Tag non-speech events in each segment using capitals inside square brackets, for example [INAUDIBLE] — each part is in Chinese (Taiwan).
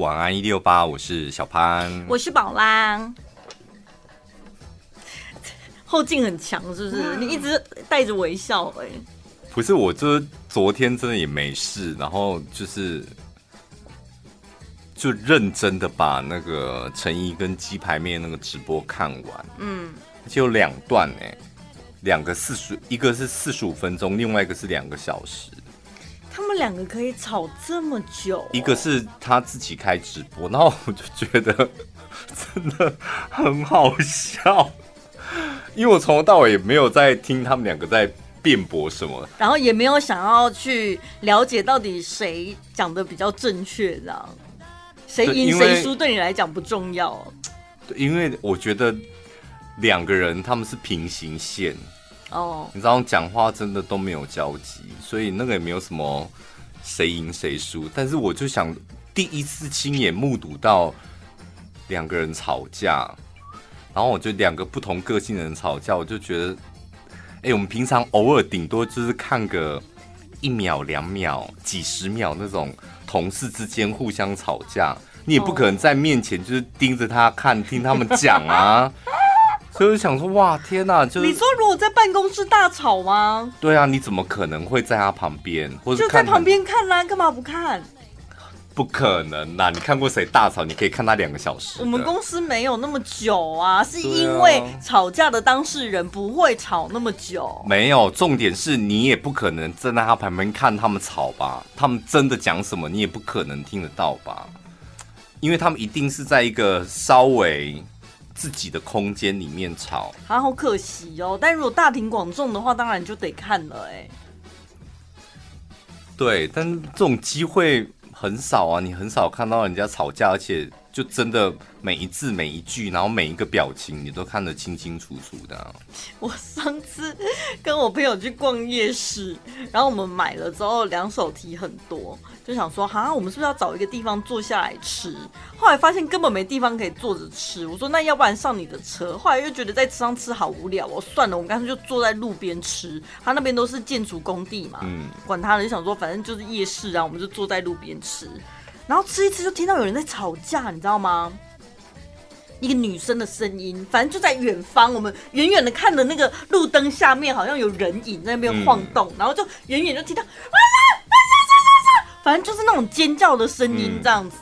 晚安一六八，8，我是小潘，我是寶拉，後勁很強是不是？嗯、你一直帶着微笑哎、欸，不是，我這昨天真的也沒事，然後就是就認真的把那個陳沂跟雞排妹那個直播看完，嗯，就有兩段哎、欸，兩個四十，一個是四十五分鐘，另外一個是兩個小時。他們兩個可以吵這麼久。哦，一個是他自己開直播，然後我就覺得真的很好笑，因為我從頭到尾也沒有在聽他們兩個在辯駁什麼，然後也沒有想要去了解到底誰講得比較正確。啊，這樣誰贏誰輸對你來講不重要。對，因為我覺得兩個人他們是平行線。哦，oh. 你知道，講話真的都沒有交集，所以那個也沒有什麼誰贏誰輸。但是我就想第一次親眼目睹到兩個人吵架，然後我就兩個不同個性的人吵架，我就覺得，哎、欸，我們平常偶爾頂多就是看個一秒、兩秒、幾十秒那種同事之間互相吵架，你也不可能在面前就是盯着他看，oh. 聽他們講啊。 [LAUGHS] 所以就想說，哇，天吶、啊，就是你說，如果在辦公室大吵嗎？對啊，你怎麼可能會在他旁邊？或者就在旁邊看啦，幹嘛不看？不可能吶！你看過誰大吵？你可以看他兩個小時。我們公司沒有那麼久啊，是因為吵架的當事人不會吵那麼久。啊、沒有，重點是你也不可能站在他旁邊看他們吵吧？他們真的講什麼？你也不可能聽得到吧？因為他們一定是在一個稍微。自己的空間裡面吵，啊，他好可惜哦。但如果大庭廣眾的話，當然就得看了哎、欸。對，但是這種機會很少啊，你很少看到人家吵架，而且。就真的每一字每一句，然後每一個表情，你都看得清清楚楚的啊。我上次跟我朋友去逛夜市，然後我們買了之後，兩手提很多，就想說，哈，我們是不是要找一個地方坐下來吃？後來發現根本沒地方可以坐着吃。我說，那要不然上你的車？後來又覺得在車上吃好無聊哦，算了，我們乾脆就坐在路邊吃。他那邊都是建築工地嘛，嗯，管他呢，就想說，反正就是夜市啊，然後我們就坐在路邊吃。然後吃一吃，就聽到有人在吵架，你知道嗎？一個女生的聲音，反正就在遠方。我們遠遠的看着那個路燈下面，好像有人影在那邊晃動，然後就遠遠就聽到“哇哇哇哇哇”，反正就是那種尖叫的聲音，這樣子。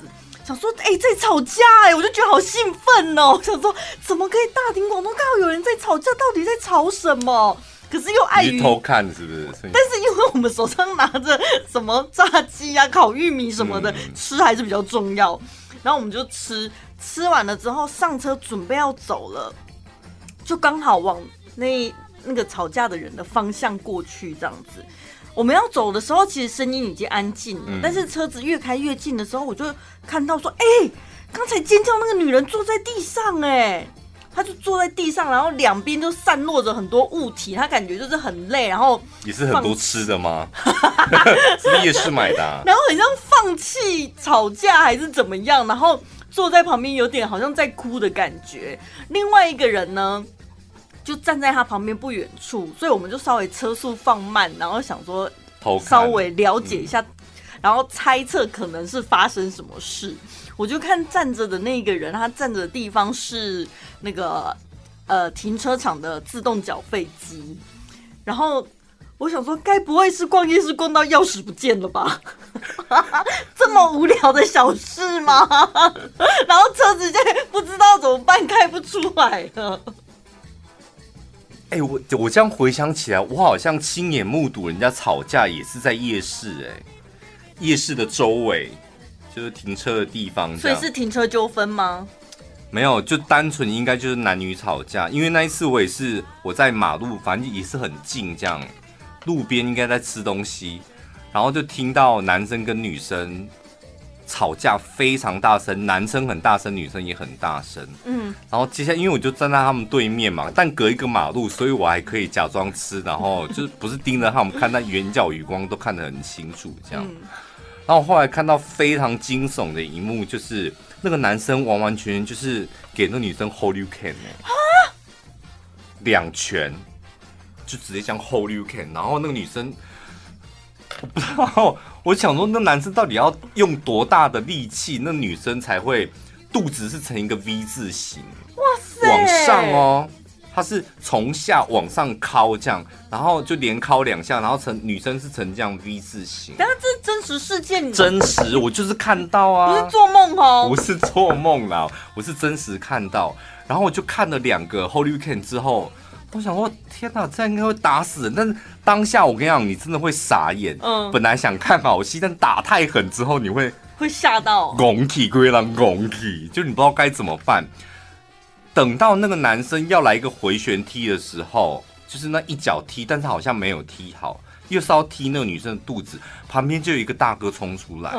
想說，哎，在吵架哎、欸，我就覺得好興奮哦。想說，怎麼可以大庭廣眾看到有人在吵架？到底在吵什麼？可是又愛偷看是不是？但是因為我們手上拿着什麼炸雞啊、烤玉米什麼的，吃還是比較重要。然後我們就吃，吃完了之後上車準備要走了，就剛好往那那個吵架的人的方向過去這樣子。我們要走的時候，其實聲音已經安靜了，但是車子越開越近的時候，我就看到說，哎，剛才尖叫那個女人坐在地上，哎。他就坐在地上，然後兩邊就散落着很多物體，他感覺就是很累，然後也是很多吃的嗎？你也 [LAUGHS] [LAUGHS] 是，是夜市買的，啊。然後很像放棄吵架還是怎麼樣，然後坐在旁邊有點好像在哭的感覺。另外一個人呢，就站在他旁邊不遠處，所以我們就稍微車速放慢，然後想說稍微了解一下，嗯、然後猜測可能是發生什麼事。我就看站着的那個人，他站着的地方是。那個，呃，停車場的自動繳費機，然後我想說，該不會是逛夜市逛到鑰匙不見了吧？ [LAUGHS] 這麼無聊的小事嗎？ [LAUGHS] 然後車子就不知道怎麼辦，開不出來了。哎、欸，我我這樣回想起來，我好像親眼目睹人家吵架也是在夜市、欸，哎，夜市的周圍就是停車的地方，所以是停車糾紛嗎？沒有，就單純應該就是男女吵架，因為那一次我也是我在馬路，反正也是很近這樣，路邊應該在吃東西，然後就聽到男生跟女生吵架非常大聲，男生很大聲，女生也很大聲，嗯，然後接下來因為我就站在他們對面嘛，但隔一個馬路，所以我還可以假裝吃，然後就是不是盯着他們 [LAUGHS] 看，那遠角餘光都看得很清楚這樣，然後後來看到非常驚悚的一幕就是。那個男生完完全全就是給那女生 hold you can、欸、蛤兩拳就直接這樣 hold you can，然後那個女生我不知道，我想說那男生到底要用多大的力氣，那女生才會肚子是呈一個 V 字形？哇塞，往上哦！他是從下往上敲這樣，然後就連敲兩下，然後成女生是成這樣 V 字形，但是這真實事件，真實我就是看到啊，不是做夢哦，不是做夢啦，我是真實看到。然後我就看了兩個 Holy weekend 之後，我想說天啊，這樣應該會打死人。但是當下我跟你講，你真的會傻眼。嗯，本來想看好戲，但打太狠之後，你會會嚇到。拱起可以拱起，就你不知道該怎麼辦。等到那個男生要來一個迴旋踢的時候，就是那一腳踢，但是他好像沒有踢好，又是要踢那個女生的肚子，旁邊就有一個大哥衝出來，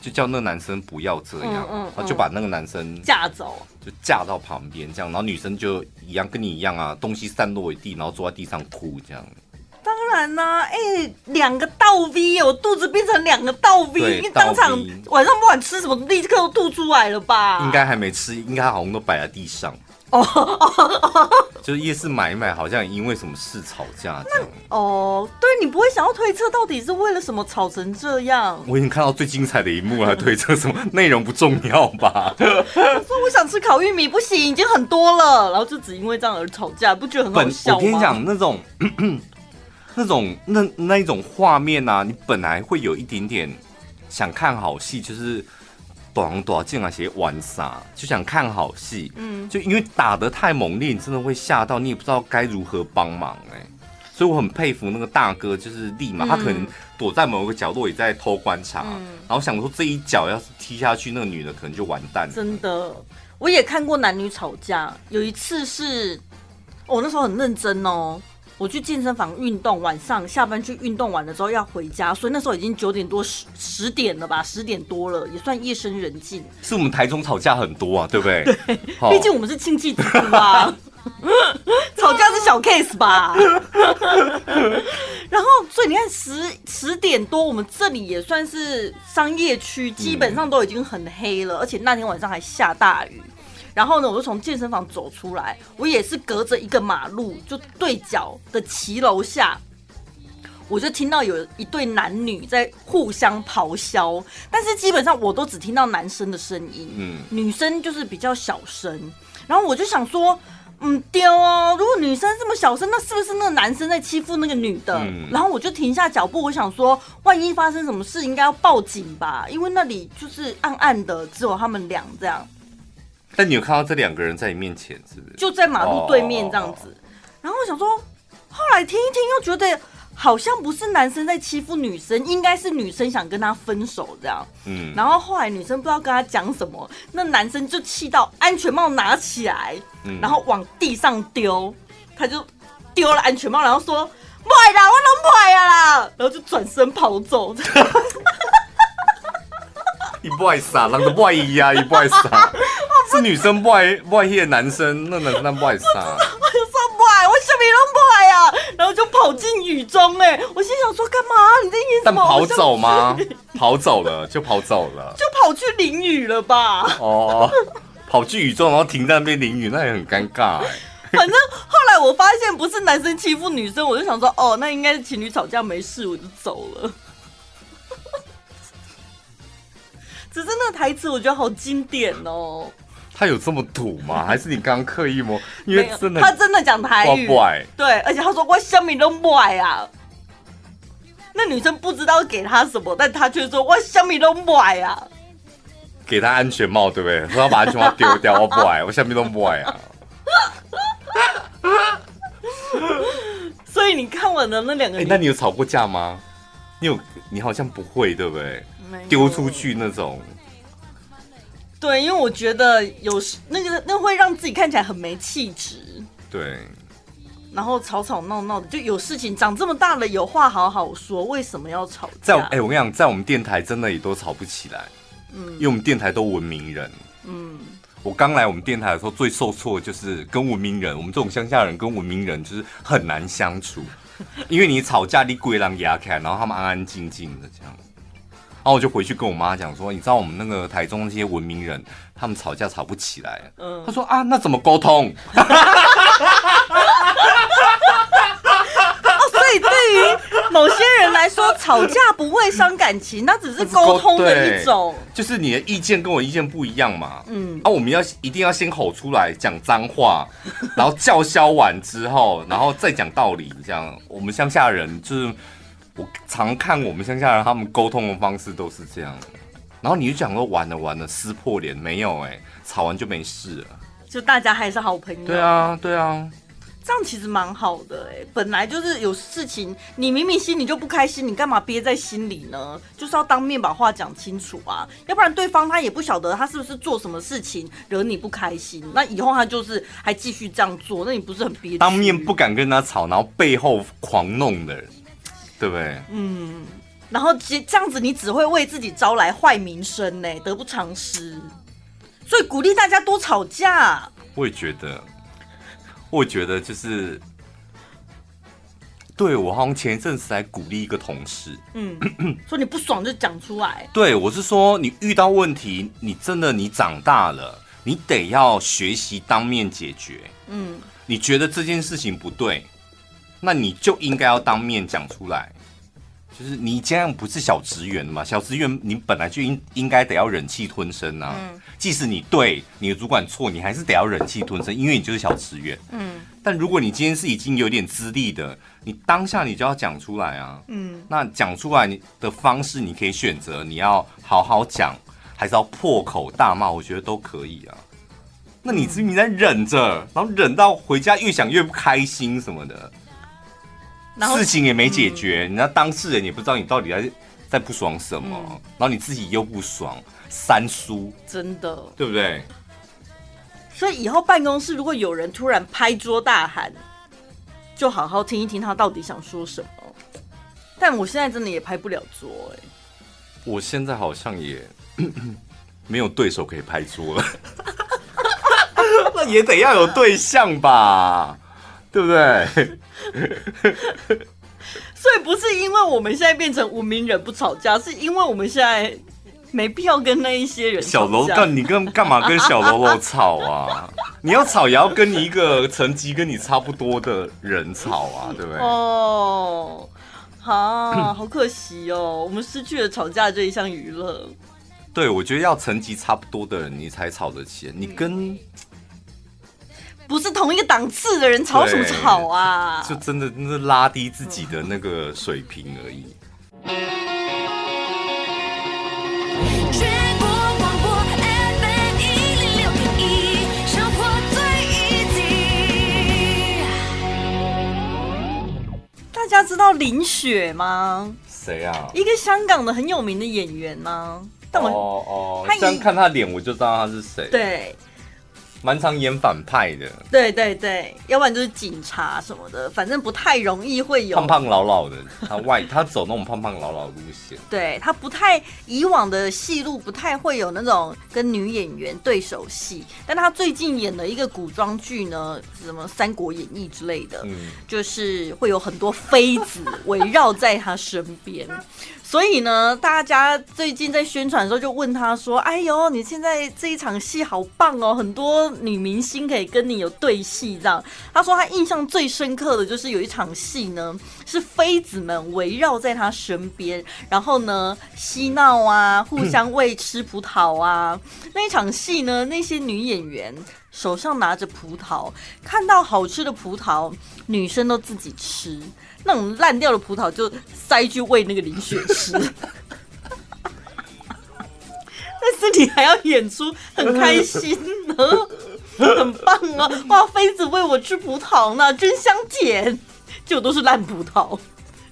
就叫那個男生不要這樣，然後就把那個男生架走，就架到旁邊這樣，然後女生就一樣跟你一樣啊，東西散落一地，然後坐在地上哭這樣。當然呢，啊？哎，欸，兩個倒 V，我肚子變成兩個倒 V，對因為當場瓣晚上不管吃什麼，立刻都吐出來了吧？應該還沒吃，應該好像都擺在地上。哦哦哦，就是夜市買一買，好像因為什麼事吵架那哦，對，你不會想要推測到底是為了什麼吵成這樣？我已經看到最精彩的一幕了，推測什麼內 [LAUGHS] 容不重要吧？ [LAUGHS] 說我想吃烤玉米，不行，已經很多了，然後就只因為這樣而吵架，不覺得很好笑嗎？我跟你講那種咳咳。那種那那一種畫面啊，你本來會有一點點想看好戲，就是短短進來些玩啥，就想看好戲。嗯，就因為打得太猛烈，你真的會嚇到，你也不知道該如何幫忙哎、欸。所以我很佩服那個大哥，就是立馬、嗯、他可能躲在某個角落也在偷觀察，嗯、然後想說這一腳要是踢下去，那個女的可能就完蛋了。真的，我也看過男女吵架，有一次是，我、哦、那時候很認真哦。我去健身房運動，晚上下班去運動完了之後要回家，所以那時候已經九點多十十點了吧，十點多了，也算夜深人靜。是我們台中吵架很多啊，對不對？ [LAUGHS] 對，oh. 畢竟我們是親戚，對吧？ [LAUGHS] [LAUGHS] 吵架是小 case 吧。 [LAUGHS] 然後，所以你看十十點多，我們這裡也算是商業區，嗯、基本上都已經很黑了，而且那天晚上還下大雨。然後呢，我就從健身房走出來，我也是隔着一個馬路，就對角的騎樓下，我就聽到有一對男女在互相咆哮，但是基本上我都只聽到男生的聲音，嗯，女生就是比較小聲。然後我就想說，嗯，丟哦！如果女生這麼小聲，那是不是那個男生在欺負那個女的？嗯、然後我就停下腳步，我想說，萬一發生什麼事，應該要報警吧，因為那裡就是暗暗的，只有他們倆這樣。但你有看到這兩個人在你面前是不是？就在馬路對面這樣子。然後我想說，後來聽一聽又覺得好像不是男生在欺負女生，應該是女生想跟他分手這樣。嗯。然後後來女生不知道跟他講什麼，那男生就氣到安全帽拿起來，然後往地上丟，他就丟了安全帽，然後說：“賣啦，我弄賣啦！”然後就轉身跑走。你不好意思啊，啷個不好意思啊，你不好意思啊。你不好意思啊。是 [LAUGHS] 女生不愛不愛的男生，那能那不愛啥？我上不愛我什麼都不愛啊！然後就跑進雨中、欸，哎，我心想說幹嘛？你在演什麼？但跑走嗎？ [LAUGHS] 跑走了就跑走了，就跑去淋雨了吧？哦，跑去雨中，然後停在那邊淋雨，那也很尷尬哎、欸。 [LAUGHS] 反正後來我發現不是男生欺負女生，我就想說哦，那應該是情侶吵架沒事，我就走了。 [LAUGHS] 只是那個台詞我覺得好經典哦。他有這麼土嗎？還是你剛刻意嗎？因為真的， [LAUGHS] 他真的講台語，我，對，而且他說：“我小米都不愛啊！”那女生不知道給他什麼，但他卻說：“我小米都不愛啊！”給他安全帽，對不對？說他把安全帽丟掉， [LAUGHS] 我不愛，我小米都不愛啊！ [LAUGHS] [LAUGHS] 所以你看我的那兩個、欸、那你有吵過架嗎？你有？你好像不會，對不對？丟 [LAUGHS] 出去那種。對，因為我覺得有那個，那個、會讓自己看起來很沒氣質。對，然後吵吵鬧鬧的，就有事情。長這麼大了，有話好好說，為什麼要吵架？哎、欸，我跟你講，在我們電臺真的也都吵不起來，嗯，因為我們電臺都文明人。嗯，我剛來我們電臺的時候，最受挫的就是跟文明人，我們這種鄉下人跟文明人就是很難相處， [LAUGHS] 因為你吵架你鬼狼牙看，然後他們安安靜靜的這樣然後我就回去跟我媽講說，你知道我們那個台中那些文明人，他們吵架吵不起來。嗯，她說啊，那怎麼溝通？ [LAUGHS] [LAUGHS] 哦，所以對於某些人來說，吵架不會傷感情，那只是溝通的一種。就是你的意見跟我意見不一樣嘛。嗯，啊，我們要一定要先吼出來講髒話，然後叫囂完之後，然後再講道理。這樣，我們鄉下人就是。我常看我們鄉下人，他們溝通的方式都是這樣的。然後你就講說完了，完了，撕破臉沒有、欸？哎，吵完就沒事了，就大家還是好朋友。對啊，對啊，這樣其實蠻好的、欸。哎，本來就是有事情，你明明心裡就不開心，你幹嘛憋在心裡呢？就是要當面把話講清楚啊，要不然對方他也不曉得他是不是做什麼事情惹你不開心。那以後他就是還繼續這樣做，那你不是很憋？當面不敢跟他吵，然後背後狂弄的人。對不對？嗯，然後這這樣子，你只會為自己招來壞名聲呢，得不償失。所以鼓勵大家多吵架。我也覺得，我也覺得就是，對，我好像前一陣子還鼓勵一個同事，嗯，說 [COUGHS] 你不爽就講出來。對，我是說，你遇到問題，你真的你長大了，你得要學習當面解決。嗯，你覺得這件事情不對。那你就應該要當面講出來，就是你這樣不是小職員嘛？小職員你本來就應應該得要忍氣吞聲啊。嗯。即使你對你的主管錯，你還是得要忍氣吞聲，因為你就是小職員。嗯。但如果你今天是已經有點資歷的，你當下你就要講出來啊。嗯。那講出來你的方式你可以選擇，你要好好講，還是要破口大罵，我覺得都可以啊。那你是你在忍着，然後忍到回家越想越不開心什麼的。事情也沒解決，嗯、你那當事人也不知道你到底在在不爽什麼，嗯、然後你自己又不爽，三輸，真的，對不對？所以以後辦公室如果有人突然拍桌大喊，就好好聽一聽他到底想說什麼。但我現在真的也拍不了桌哎、欸，我現在好像也咳咳沒有對手可以拍桌了， [LAUGHS] [LAUGHS] 那也得要有對象吧， [LAUGHS] 對不對？ [LAUGHS] [LAUGHS] 所以不是因為我們現在變成文明人不吵架，是因為我們現在沒必要跟那一些人吵架。小樓，幹你跟幹嘛跟小嘍囉吵啊？ [LAUGHS] 你要吵也要跟你一個成績跟你差不多的人吵啊，對不對？哦，好好可惜哦， [COUGHS] 我們失去了吵架這一項娛樂。對，我覺得要成績差不多的人你才吵得起，mm. 你跟。不是同一個檔次的人，吵什麼吵啊？就真的，真的拉低自己的那個水平而已。全國廣播 FM 一零六點一，生活最一體。大家知道林雪嗎？誰啊？一個香港的很有名的演員嗎？哦哦，這樣看他臉，我就知道他是誰。對。蠻常演反派的，對對對，要不然就是警察什麼的，反正不太容易會有胖胖老老的，他外 [LAUGHS] 他走那種胖胖老老的路線，對他不太以往的戲路不太會有那種跟女演員對手戲，但他最近演了一個古裝劇呢，什麼《三國演義》之類的，嗯，就是會有很多妃子圍繞在他身邊。 [LAUGHS] 所以呢，大家最近在宣傳的時候就問他說：“哎呦，你現在這一場戲好棒哦，很多女明星可以跟你有對戲這樣。”他說他印象最深刻的就是有一場戲呢，是妃子們圍繞在他身邊，然後呢嬉鬧啊，互相餵吃葡萄啊。嗯、那一場戲呢，那些女演員手上拿着葡萄，看到好吃的葡萄，女生都自己吃。那種爛掉的葡萄就塞去餵那個林雪吃， [LAUGHS] [LAUGHS] 但是你還要演出很開心呢，很棒啊！哇，妃子餵我吃葡萄呢，真香甜。就都是爛葡萄，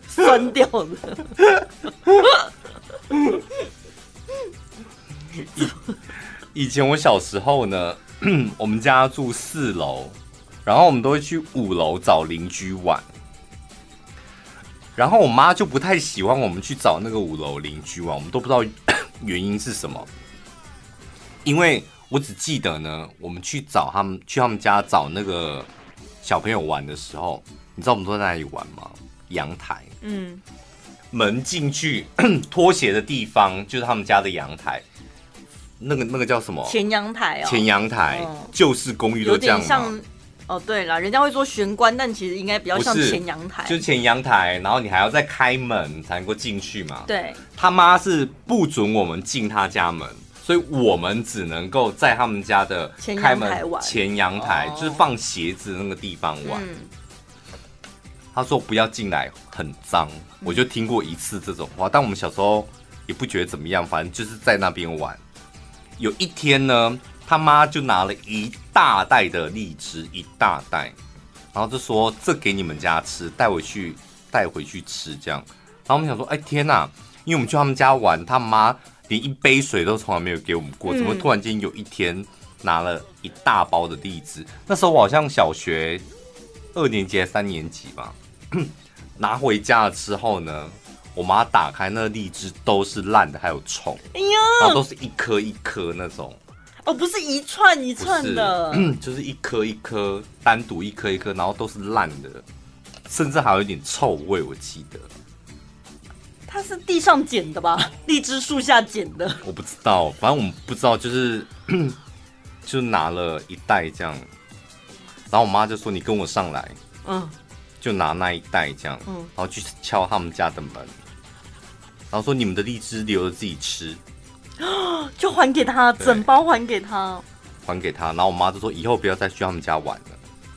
酸掉的。以 [LAUGHS] [LAUGHS] 以前我小時候呢，我們家住四樓，然後我們都會去五樓找鄰居玩。然後我媽就不太喜歡我們去找那個五樓鄰居玩，我們都不知道原因是什麼。因為我只記得呢，我們去找他們去他們家找那個小朋友玩的時候，你知道我們都在哪裡玩嗎？陽台。嗯。門進去拖鞋的地方就是他們家的陽台，那個那個叫什麼？前陽台啊、哦，前陽台、嗯、就是公寓都這樣。哦，對了，人家會說玄關，但其實應該比較像前陽台，是就是前陽台，然後你還要再開門才能夠進去嘛。對，他媽是不准我們進他家門，所以我們只能夠在他們家的開門前陽台玩，前陽台、哦、就是放鞋子的那個地方玩。嗯、他說不要進來，很髒。我就聽過一次這種話，但我們小時候也不覺得怎麼樣，反正就是在那邊玩。有一天呢。他媽就拿了一大袋的荔枝，一大袋，然後就說：“這給你們家吃，帶回去，帶回去吃。”這樣，然後我們想說：“哎天啊，因為我們去他們家玩，他媽連一杯水都從來沒有給我們過，怎麼突然間有一天拿了一大包的荔枝？嗯、那時候我好像小學二年級、三年級吧。 [COUGHS] 拿回家了之後呢，我媽打開那個、荔枝，都是爛的，還有蟲。哎呦，然後都是一顆一顆那種。哦，不是一串一串的，不是，就是一顆一顆單獨一顆一顆，然後都是爛的，甚至還有一點臭味，我記得。它是地上撿的吧？ [LAUGHS] 荔枝樹下撿的？我不知道，反正我們不知道，就是 [COUGHS] 就拿了一袋這樣，然後我媽就說：“你跟我上來。”嗯，就拿那一袋這樣，嗯，然後去敲他們家的門，嗯，然後說：“你們的荔枝留着自己吃。”哦， [LAUGHS] 就還給他，對整包還給他，還給他。然後我媽就說：“以後不要再去他們家玩了。”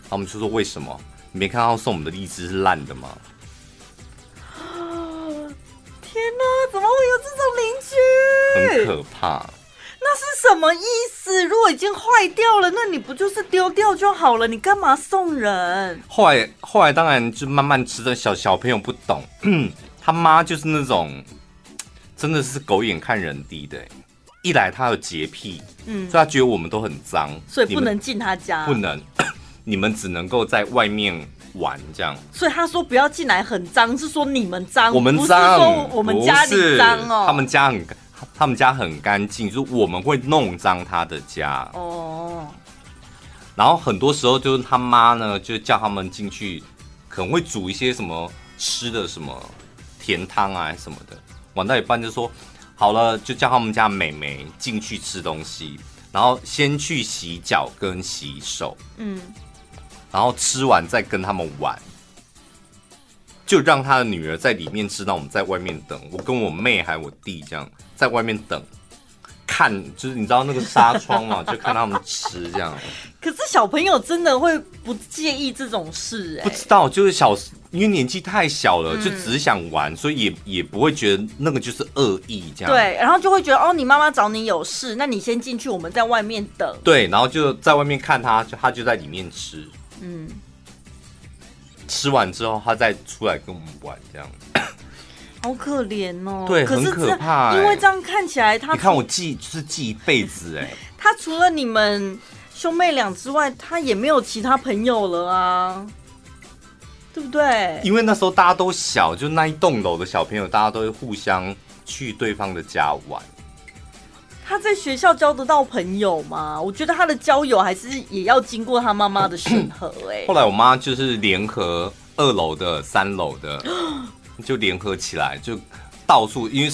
然後我們就說：“為什麼？你沒看到送我們的荔枝是爛的嗎？”啊！天哪，怎麼會有這種鄰居？很可怕。那是什麼意思？如果已經壞掉了，那你不就是丟掉就好了？你幹嘛送人？後來，後來當然就慢慢吃的。小小朋友不懂， [COUGHS] 他媽就是那種。真的是狗眼看人低的，一來他有潔癖，嗯，所以他覺得我們都很髒，所以不能進他家，不能， [COUGHS] 你們只能夠在外面玩這樣。所以他說不要進來很髒，是說你們髒，我們髒不是說我們家裡髒哦，他們家很，他們家很乾淨，就是我們會弄髒他的家哦。然後很多時候就是他媽呢，就叫他們進去，可能會煮一些什麼吃的，什麼甜湯啊什麼的。玩到一半就說好了，就叫他們家妹妹進去吃東西，然後先去洗腳跟洗手，嗯，然後吃完再跟他們玩，就讓他的女兒在裡面吃，那我們在外面等，我跟我妹還有我弟這樣在外面等。看，就是你知道那個紗窗嘛， [LAUGHS] 就看他們吃這樣。可是小朋友真的會不介意這種事、欸？不知道，就是小，因為年紀太小了，嗯、就只想玩，所以也也不會覺得那個就是惡意這樣。對，然後就會覺得哦，你媽媽找你有事，那你先進去，我們在外面等。對，然後就在外面看他，就他就在裡面吃。嗯，吃完之後他再出來跟我們玩這樣。 [COUGHS] 好可憐哦，對，可是、很可怕、欸。因為這樣看起來他，他你看我記是記一輩子哎、欸。 [LAUGHS] 他除了你們兄妹倆之外，他也沒有其他朋友了啊，對不對？因為那時候大家都小，就那一棟樓的小朋友，大家都會互相去對方的家玩。他在學校交得到朋友嗎？我覺得他的交友還是也要經過他媽媽的審核、欸、 [COUGHS] 後來我媽就是聯合二樓的、三樓的。 [COUGHS] 就聯合起來，就到處，因為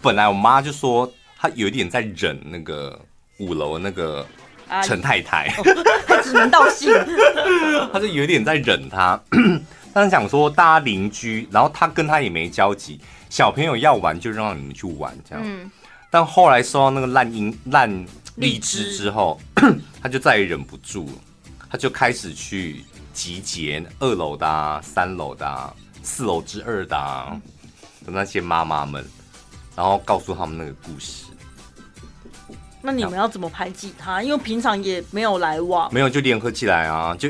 本來我媽就說她有點在忍那個五樓那個陳太太、啊，她、 [LAUGHS] 哦、只能道：「吸，她就有點在忍她，但是想說大家鄰居，然後她跟她也沒交集，小朋友要玩就讓你們去玩這樣，嗯、但後來收到那個爛音爛荔枝之後，枝她就再也忍不住了，她就開始去集結二樓的、啊、三樓的、啊。四樓之二的、啊嗯、的那些媽媽們，然後告訴他們那個故事。那你們要怎麼排擠他？然後，因為平常也沒有來往，沒有就聯合起來啊！就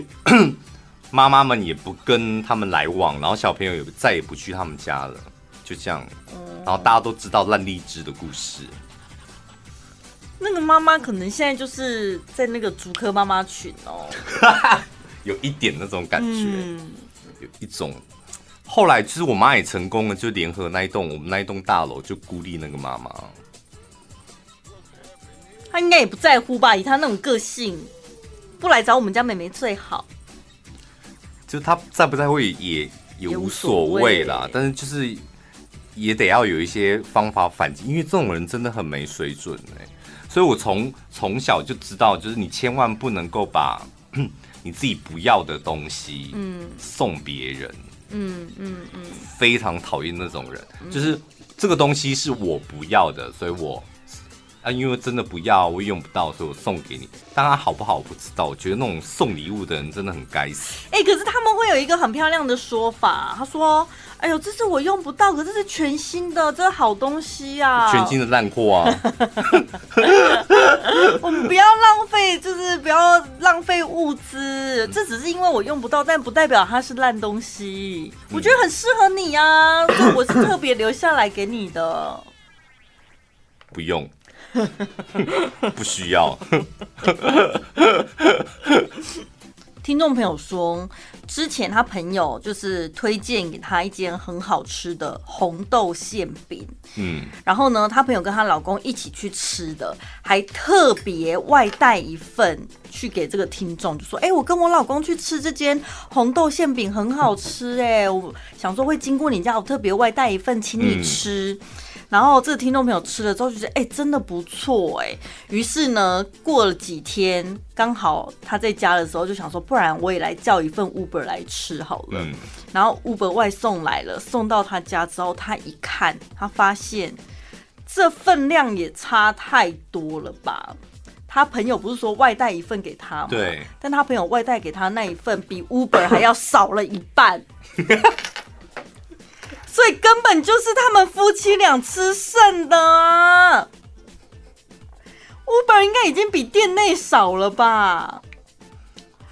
媽媽 [COUGHS] 們也不跟他們來往，然後小朋友也再也不去他們家了，就這樣。嗯、然後大家都知道爛荔枝的故事。那個媽媽可能現在就是在那個竹科媽媽群哦， [LAUGHS] 有一點那種感覺，嗯、有一種。後來就是我媽也成功了，就聯合那一棟我們那一棟大樓，就孤立那個媽媽。她應該也不在乎吧，以她那種個性，不來找我們家妹妹最好。就她在不在乎也也，也無所謂啦，欸、但是就是也得要有一些方法反擊，因為這種人真的很沒水準、欸。所以我從從小就知道，就是你千萬不能夠把你自己不要的東西嗯送別人。嗯嗯嗯嗯，嗯嗯非常討厭那種人，就是這個東西是我不要的，所以我。啊，因為真的不要，我用不到，所以我送給你。但它好不好我不知道，我覺得那種送禮物的人真的很該死。哎、欸，可是他們會有一個很漂亮的說法，他說：“哎呦，這是我用不到，可是這是全新的，這好東西啊。”全新的爛貨啊！ [LAUGHS] [LAUGHS] 我們不要浪費，就是不要浪費物資。這只是因為我用不到，但不代表它是爛東西。嗯、我覺得很適合你啊， [COUGHS] 所以我是特別留下來給你的。不用。 [LAUGHS] 不需要。 [LAUGHS] 聽眾朋友說，之前他朋友就是推薦給他一間很好吃的紅豆餡餅，嗯，然後呢，他朋友跟她老公一起去吃的，還特別外帶一份去給這個聽眾，就說：“哎、欸，我跟我老公去吃這間紅豆餡餅很好吃、欸，哎，我想說會經過你家，我特別外帶一份，請你吃。”嗯然後這個聽眾朋友吃了之後就覺得，哎，真的不錯哎。於是呢，過了幾天，剛好他在家的時候就想說，不然我也來叫一份 Uber 來吃好了。嗯、然後 Uber 外送來了，送到他家之後，他一看，他發現這份量也差太多了吧？他朋友不是說外帶一份給他嗎？對。但他朋友外帶給他那一份，比 Uber 還要少了一半。 [LAUGHS] 所以根本就是他們夫妻倆吃剩的啊，Uber 應該已經比店內少了吧？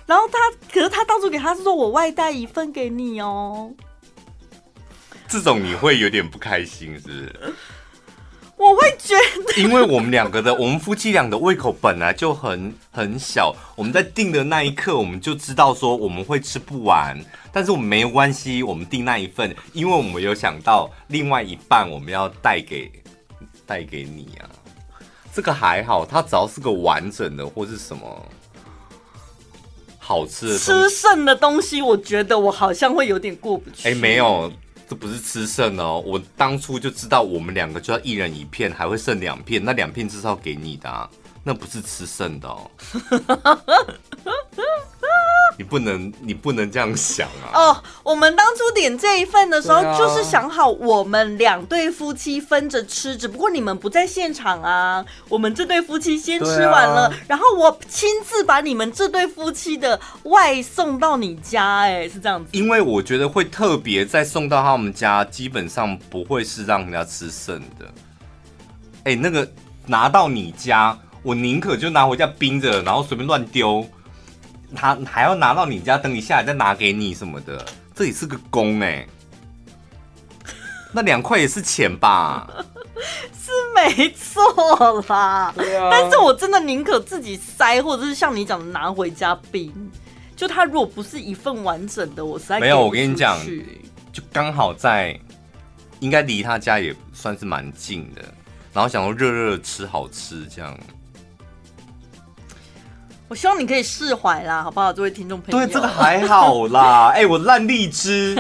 然後他，可是他當初給他是說，我外帶一份給你哦。這種你會有點不開心，是不是？我會覺得，因為我們兩個的，我們夫妻倆的胃口本來就很很小。我們在訂的那一刻，我們就知道說我們會吃不完，但是我們沒有關係，我們訂那一份，因為我們有想到另外一半我們要帶給帶給你啊。這個還好，它，只要是個完整的或是什麼好吃的吃剩的東西，我覺得我好像會有點過不去。哎、欸，沒有。這不是吃剩哦，我當初就知道我們兩個就要一人一片，還會剩兩片，那兩片至少給你的啊。那不是吃剩的哦， [LAUGHS] [LAUGHS] 你不能你不能這樣想啊！哦，我們當初點這一份的時候，對啊、就是想好我們兩對夫妻分着吃，只不過你們不在現場啊。我們這對夫妻先吃完了，對啊、然後我親自把你們這對夫妻的外送到你家，欸，哎，是這樣子。因為我覺得會特別再送到他們家，基本上不會是讓人家吃剩的。哎，那個拿到你家。我寧可就拿回家冰着，然後隨便亂丟，他還，還要拿到你家等你下來再拿給你什麼的，這也是個工哎、欸。那兩塊也是錢吧？ [LAUGHS] 是沒錯啦。對啊、但是我真的寧可自己塞，或者是像你講的拿回家冰。就他如果不是一份完整的，我塞沒有。我跟你講，就剛好在應該離他家也算是蠻近的，然後想說熱熱的吃好吃這樣。我希望你可以釋懷啦，好不好，這位聽眾朋友？對，這個還好啦。哎、 [LAUGHS] 欸，我爛荔枝，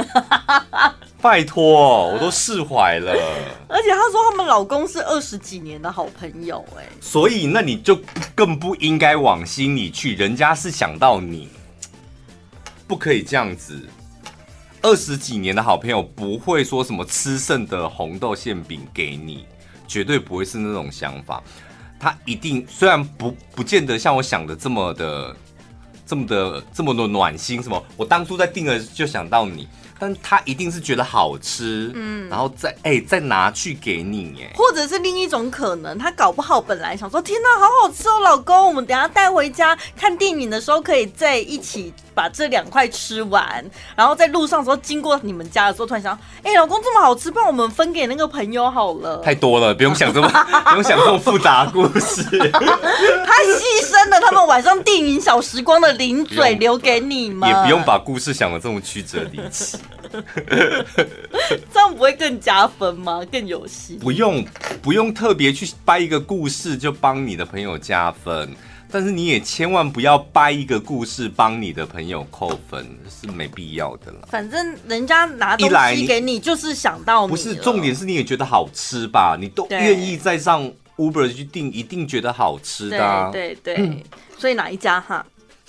[LAUGHS] 拜託，我都釋懷了。而且他說他們老公是二十幾年的好朋友、欸，哎，所以那你就更不應該往心裡去。人家是想到你，不可以這樣子，二十幾年的好朋友不會說什麼吃剩的紅豆餡餅給你，絕對不會是那種想法。他一定雖然不不見得像我想的這麼的，這麼的這麼的暖心什麼。我當初在定了就想到你，但他一定是覺得好吃，嗯，然後再哎、欸、再拿去給你哎，或者是另一種可能，他搞不好本來想說，天哪、啊，好好吃哦，老公，我們等一下帶回家看電影的時候可以再一起。把這兩塊吃完，然後在路上的時候經過你們家的時候，突然想，哎、欸，老公這麼好吃，幫我們分給那個朋友好了。太多了，不用想這麼， [LAUGHS] 不用想這麼複雜的故事。他犧 [LAUGHS] 牲了他們晚上電影《小時光》的零嘴，留給你嗎？也不用把故事想得這麼曲折離奇， [LAUGHS] [LAUGHS] 這樣不會更加分嗎？更有戲？不用，不用特別去掰一個故事，就幫你的朋友加分。但是你也千萬不要掰一個故事幫你的朋友扣分，是沒必要的了。反正人家拿東西給你，你就是想到，不是重點是你也覺得好吃吧？你都願意再上 Uber 去訂，對一定覺得好吃的、啊。對，對對，嗯、所以哪一家哈？ [LAUGHS] [LAUGHS]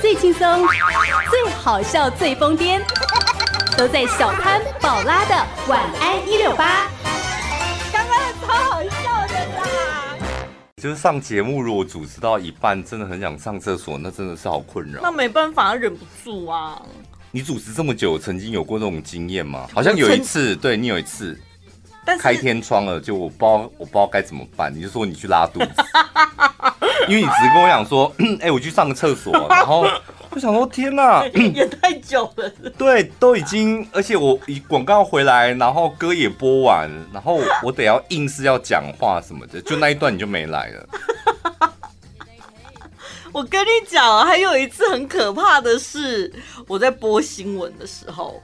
最輕鬆、最好笑、最瘋癲，都在小潘寶拉的晚安一六八。剛剛超好笑。就是上節目如果主持到一半，真的很想上廁所，那真的是好困擾。那沒辦法，忍不住啊。你主持這麼久，曾經有過那種經驗嗎？好像有一次，曾對你有一次，是開天窗了，就我不知道，我不知道該怎麼辦，你就說你去拉肚子， [LAUGHS] 因為你只是跟我講說，哎、 [LAUGHS] 欸，我去上個廁所，然後。我想說，天哪，啊，也太久了。 [COUGHS] [COUGHS] 對，都已經，而且我以廣告回來，然後歌也播完，然後我得要硬是要講話什麼的，就那一段你就沒來了。 [COUGHS] 我跟你講，啊，還有一次很可怕的是我在播新聞的時候。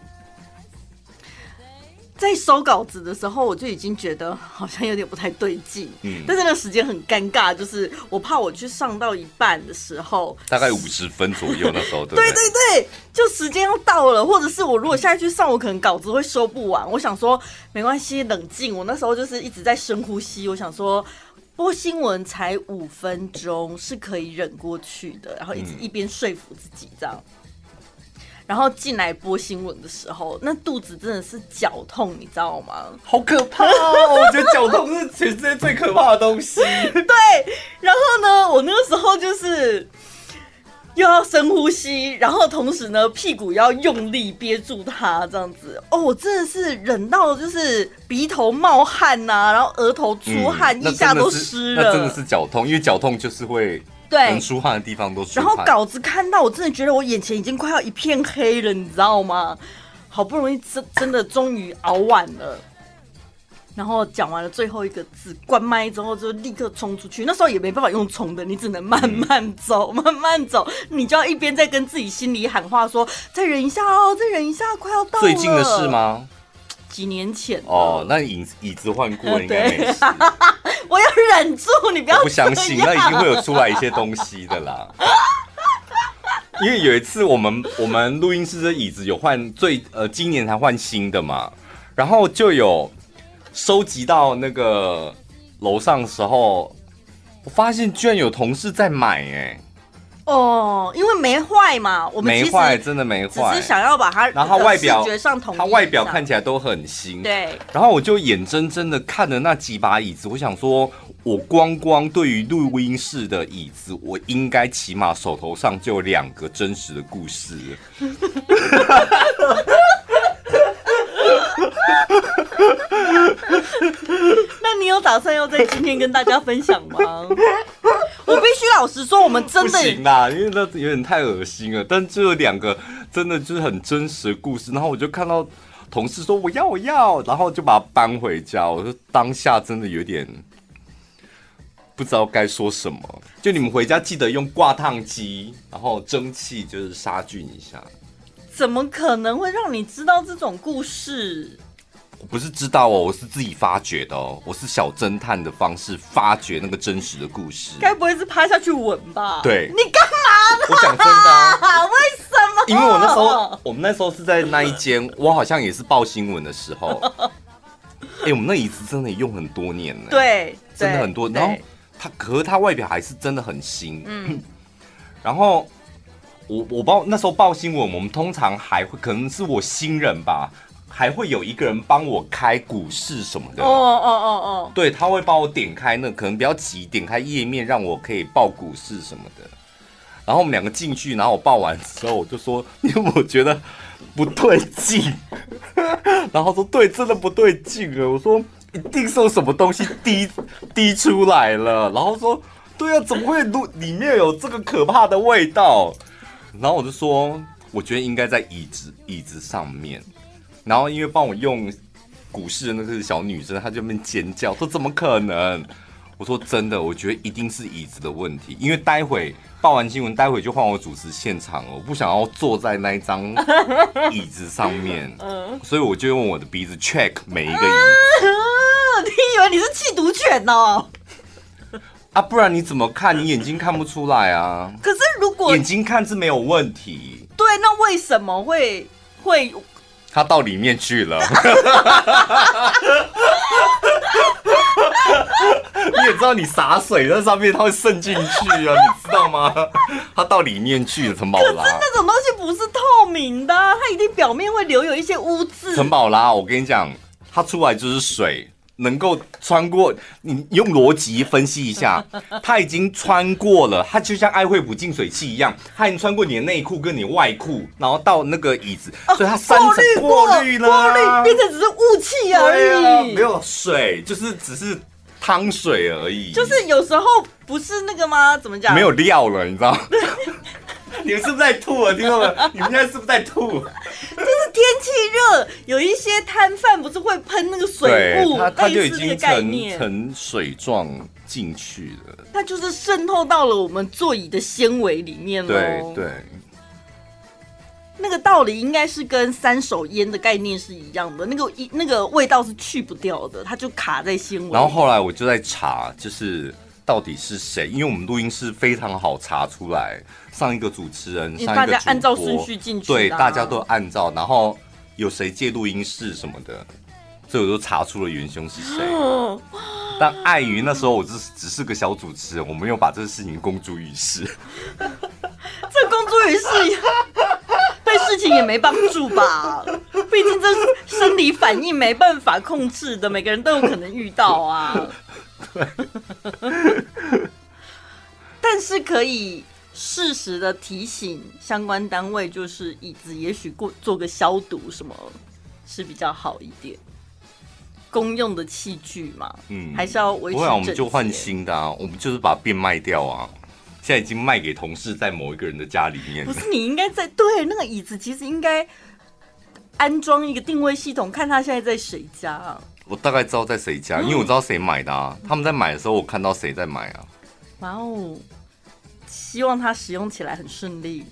在收稿子的時候，我就已經覺得好像有點不太對勁。嗯，但是那個時間很尷尬，就是我怕我去上到一半的時候，大概五十分左右那時候， [LAUGHS] 對對對，就時間要到了，或者是我如果下去上，我可能稿子會收不完。我想說沒關係，冷靜。我那時候就是一直在深呼吸，我想說播新聞才五分鐘是可以忍過去的，然後一直一邊說服自己這樣。嗯然後進來播新聞的時候，那肚子真的是絞痛，你知道嗎？好可怕！哦！ [LAUGHS] 我覺得絞痛是全世界最可怕的東西。 [LAUGHS] 對，然後呢，我那個時候就是又要深呼吸，然後同時呢，屁股要用力憋住它，這樣子。哦，我真的是忍到就是鼻頭冒汗吶、啊，然後額頭出汗，腋、嗯、下都濕了那。那真的是絞痛，因為絞痛就是會。對，能出汗的地方都出汗，然後稿子看到，我真的覺得我眼前已經快要一片黑了，你知道嗎？好不容易真真的終於熬完了，然後講完了最後一個字，關麥之後就立刻衝出去。那時候也沒辦法用衝的，你只能慢慢走，嗯、慢慢走，你就要一邊在跟自己心裡喊話說，說再忍一下哦，再忍一下，快要到了。最近的事嗎？幾年前哦，oh, 那椅椅子換過，應該沒事。 [LAUGHS] 啊、我要忍住，你不要，我不相信，那一定會有出來一些東西的啦。 [LAUGHS] 因為有一次我們我們錄音室的椅子有換，最呃今年才換新的嘛，然後就有收集到那個樓上的時候，我發現居然有同事在買哎、欸。哦，oh, 因為沒壞嘛，壞我們沒壞，真的沒壞，只是想要把它的視覺上統一，然後它外表，它外表看起來都很新，對。然後我就眼睜睜的看了那幾把椅子，我想說，我光光對於錄音室的椅子，我應該起碼手頭上就有兩個真實的故事。 [LAUGHS] [LAUGHS] [LAUGHS] 那你有打算要在今天跟大家分享嗎？ [LAUGHS] 我必須老實說，我們真的 [LAUGHS] 不行啦，因為那有點太噁心了。但這兩個真的就是很真實的故事，然後我就看到同事說，我要我要，然後就把它搬回家。我說當下真的有點不知道該說什麼。就你們回家記得用掛燙機，然後蒸汽就是殺菌一下。怎麼可能會讓你知道這種故事？我不是知道哦，我是自己發掘的哦，我是小偵探的方式發掘那個真實的故事。該不會是趴下去聞吧？對，你幹嘛呢我？我想真的啊，為什麼？因為我那時候，我們那時候是在那一間，麼我好像也是報新聞的時候。哎、 [LAUGHS] 欸，我們那椅子真的用很多年了，對，真的很多。然後它，對可是它外表還是真的很新。嗯， [COUGHS] 然後我我報那時候報新聞，我們通常還會可能是我新人吧。還會有一個人幫我開股市什麼的哦哦哦哦，對，他會幫我點開，那可能比較急，點開頁面讓我可以報股市什麼的。然後我們兩個進去，然後我報完之後我就說：“因為我覺得不對勁。”然後說：“對，真的不對勁啊！”我說：“一定是有什麼東西滴滴出來了。”然後說：“對啊，怎麼會裡裡面有這個可怕的味道？”然後我就說：“我覺得應該在椅子椅子上面。”然後因為幫我用股市的那個小女生，她就在那邊尖叫說：“怎麼可能？”我說：“真的，我覺得一定是椅子的問題，因為待會報完新聞，待會就換我主持現場，我不想要坐在那一張椅子上面， [LAUGHS] 所以我就用我的鼻子 check 每一個椅子。嗯、你以為你是緝毒犬哦？啊，不然你怎麼看？你眼睛看不出來啊？可是如果眼睛看是沒有問題，對，那為什麼會會？他到裡面去了， [LAUGHS] [LAUGHS] 你也知道，你灑水在上面，它會滲進去啊，你知道嗎？他到裡面去了，陳寶拉，可是那種東西不是透明的，它一定表面會留有一些污漬。陳寶拉，我跟你講，它出來就是水。能夠穿過？你用邏輯分析一下，他已經穿過了。它就像愛惠浦淨水器一樣，它已經穿過你的內褲跟你的外褲，然後到那個椅子，啊、所以它過濾過，過濾了，變成只是霧氣而已，啊，沒有水，就是只是湯水而已。就是有時候不是那個嗎？怎麼講？沒有料了，你知道 [LAUGHS] [LAUGHS] 你們是不是在吐啊？聽到了，你們現在是不是在吐？ [LAUGHS] 就是天氣熱，有一些攤販不是會噴那個水霧，它就是那個概念，呈水狀進去了。那就是滲透到了我們座椅的纖維裡面了。對對，對那個道理應該是跟三手菸的概念是一樣的。那個那個味道是去不掉的，它就卡在纖維。然後後來我就在查，就是到底是誰，因為我們錄音室非常好查出來。上一個主持人，欸、上一個主播、大家按照順序進去、啊、對，大家都按照，然後有誰借錄音室什麼的，所以我都查出了元凶是誰。 [LAUGHS] 但礙於那時候我只只是個小主持人，我沒有把這個事情公諸於世。 [LAUGHS] 這公諸於世對事情也沒幫助吧？畢竟這是生理反應，沒辦法控制的，每個人都有可能遇到啊。對 [LAUGHS] [LAUGHS] 但是可以。適時的提醒相關單位，就是椅子也許過做個消毒，什麼是比較好一點？公用的器具嘛，嗯，還是要維修。不然我們就換新的啊，我們就是把它變賣掉啊。現在已經賣給同事，在某一個人的家裡面。不是，你應該在對那個椅子，其實應該安裝一個定位系統，看他現在在誰家啊。我大概知道在誰家，因為我知道誰買的啊。嗯，他們在買的時候，我看到誰在買啊。哇哦。希望它使用起來很順利，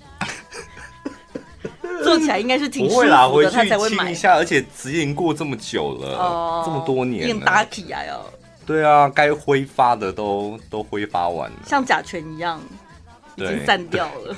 [LAUGHS] [LAUGHS] 做起來應該是挺順的，不會啦。他才會親一下，而且已經過這麼久了，哦，oh, 這麼多年，已經打底了喲。對啊，該揮發的都都揮發完了，像甲醛一樣，已經散掉了。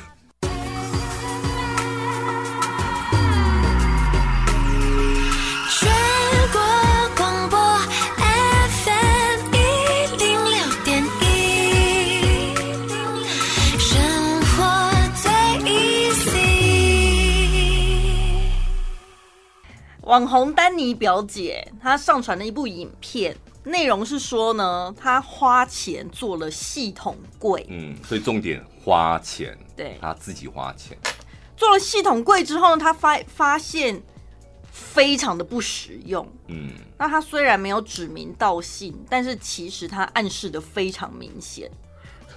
網紅丹妮表姐，她上傳了一部影片，內容是說呢，她花錢做了系統櫃，嗯，所以重點花錢，對，她自己花錢做了系統櫃之後呢，她發發現非常的不實用，嗯，那她雖然沒有指名道姓，但是其實她暗示的非常明顯，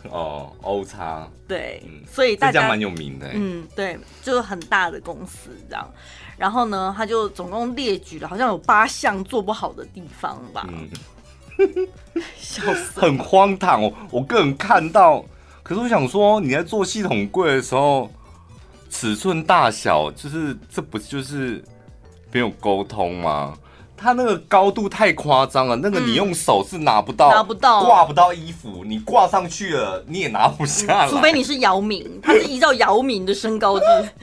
哦，歐插，對，嗯，所以大家蠻有名的，嗯，對，就是很大的公司這樣。然後呢，他就總共列舉了，好像有八項做不好的地方吧。嗯，笑死神，很荒唐哦。我個人看到，可是我想說，你在做系統櫃的時候，尺寸大小，就是這不就是沒有溝通嗎？他那個高度太誇張了，那個你用手是拿不到，嗯、拿不到，掛不到衣服，你掛上去了你也拿不下來、嗯，除非你是姚明，他是依照姚明的身高製 [LAUGHS]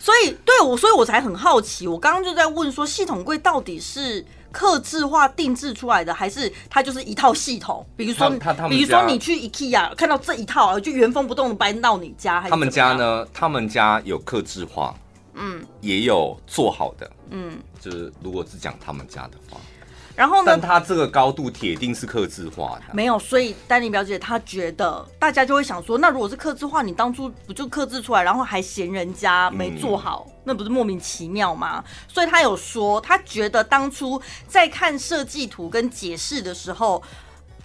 所以，對我，所以我才很好奇。我剛剛就在問說，系統櫃到底是客製化定制出來的，還是它就是一套系統？比如說，比如說你去 IKEA 看到這一套，就原封不動的搬到你家？還是他們家呢？他們家有客製化，嗯，也有做好的，嗯，就是如果只講他們家的話。然後呢？但他這個高度鐵定是客製化的，沒有。所以丹尼表姐她覺得，大家就會想說，那如果是客製化，你當初不就客製出來，然後還嫌人家沒做好，嗯、那不是莫名其妙嗎？所以他有說，他覺得當初在看設計圖跟解釋的時候，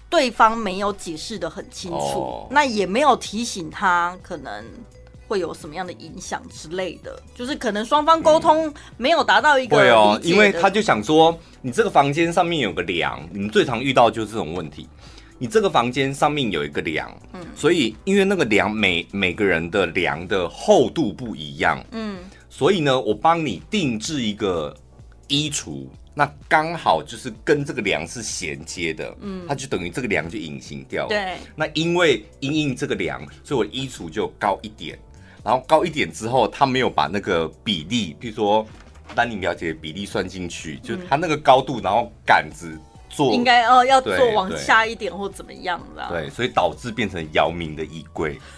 對方沒有解釋得很清楚，哦、那也沒有提醒他可能。會有什麼樣的影響之類的，就是可能雙方溝通沒有達到一個、嗯、對哦，因為他就想說，你這個房間上面有個樑，你們最常遇到就是這種問題。你這個房間上面有一個樑，嗯，所以因為那個樑每每個人的樑的厚度不一樣，嗯，所以呢，我幫你定制一個衣櫥，那剛好就是跟這個樑是銜接的，嗯，它就等於這個樑就隱形掉了。對。那因為因應這個樑，所以我衣櫥就高一點。然後高一點之後，他沒有把那個比例，譬如說，當你了解比例算進去，嗯、就是他那個高度，然後杆子做應該哦，要做往下一點或怎麼樣啦。對，所以導致變成姚明的衣櫃。 [LAUGHS]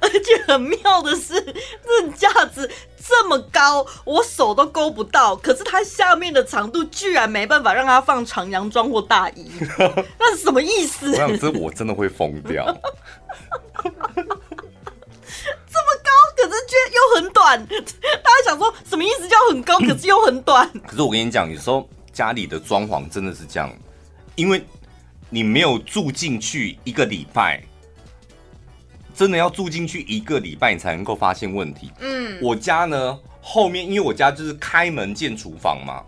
而且很妙的是，這架子。這麼高，我手都勾不到。可是它下面的長度居然沒辦法讓它放長洋裝或大衣， [LAUGHS] [LAUGHS] 那是什麼意思？我想這樣子我真的會瘋掉。 [LAUGHS] [LAUGHS] 這麼高，可是卻又很短。大家想說什麼意思？叫很高， [COUGHS] 可是又很短。可是我跟你講，有時候家裡的裝潢真的是這樣，因為你沒有住進去一個禮拜。真的要住進去一個禮拜，你才能夠發現問題。嗯，我家呢，後面，因為我家就是開門見廚房嘛，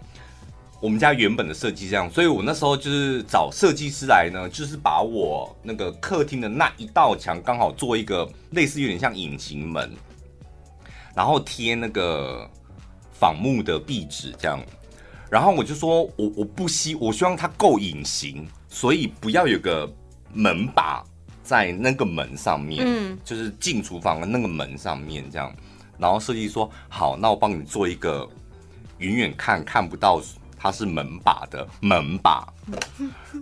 我們家原本的設計這樣，所以我那時候就是找設計師來呢，就是把我那個客廳的那一道牆剛好做一個類似有點像隱形門，然後貼那個仿木的壁紙這樣，然後我就說我我不希我希望它夠隱形，所以不要有個門把。在那個門上面，嗯，就是進廚房的那個門上面，這樣，然後設計說好，那我幫你做一個，遠遠看看不到它是門把的門把，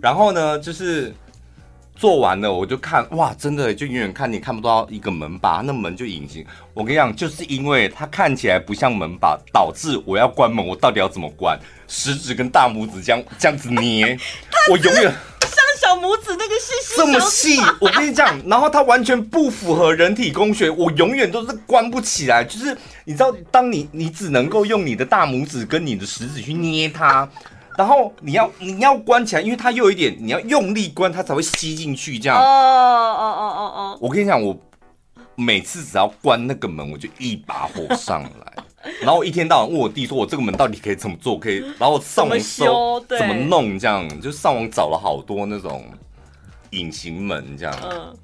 然後呢，就是做完了，我就看哇，真的就遠遠看你看不到一個門把，那門就隱形。我跟你講，就是因為它看起來不像門把，導致我要關門，我到底要怎麼關？食指跟大拇指這樣這樣子捏， [LAUGHS] 他是 我永遠。 [LAUGHS] 小拇指那個細細，這麼細，我跟你講， [LAUGHS] 然後它完全不符合人體工學，我永遠都是關不起來。就是你知道，當你你只能夠用你的大拇指跟你的食指去捏它，然後你要你要關起來，因為它又有一點你要用力關，它才會吸進去。這樣哦哦哦哦哦，oh, oh, oh, oh. 我跟你講，我每次只要關那個門，我就一把火上來。 [LAUGHS] 然後一天到晚問我弟說：“我這個門到底可以怎麼做？可以？”然後上網搜怎麼，怎麼弄，這樣，就上網找了好多那種隱形門，這樣。嗯。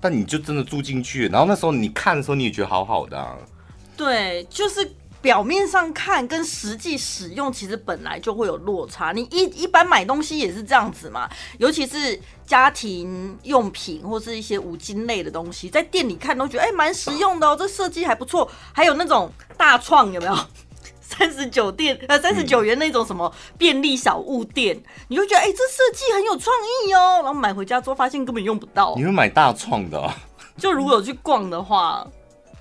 但你就真的住進去，然後那時候你看的時候，你也覺得好好的啊。對，就是。表面上看跟實際使用其實本來就會有落差，你一一般買東西也是這樣子嘛，尤其是家庭用品或是一些五金類的東西，在店裡看都覺得哎蠻、欸、實用的哦，這設計還不錯。還有那種大創有沒有？三十九店呃，三十九元那種什麼便利小物店，你就覺得哎、欸、這設計很有創意哦，然後買回家之後發現根本用不到。你會買大創的，就如果有去逛的話。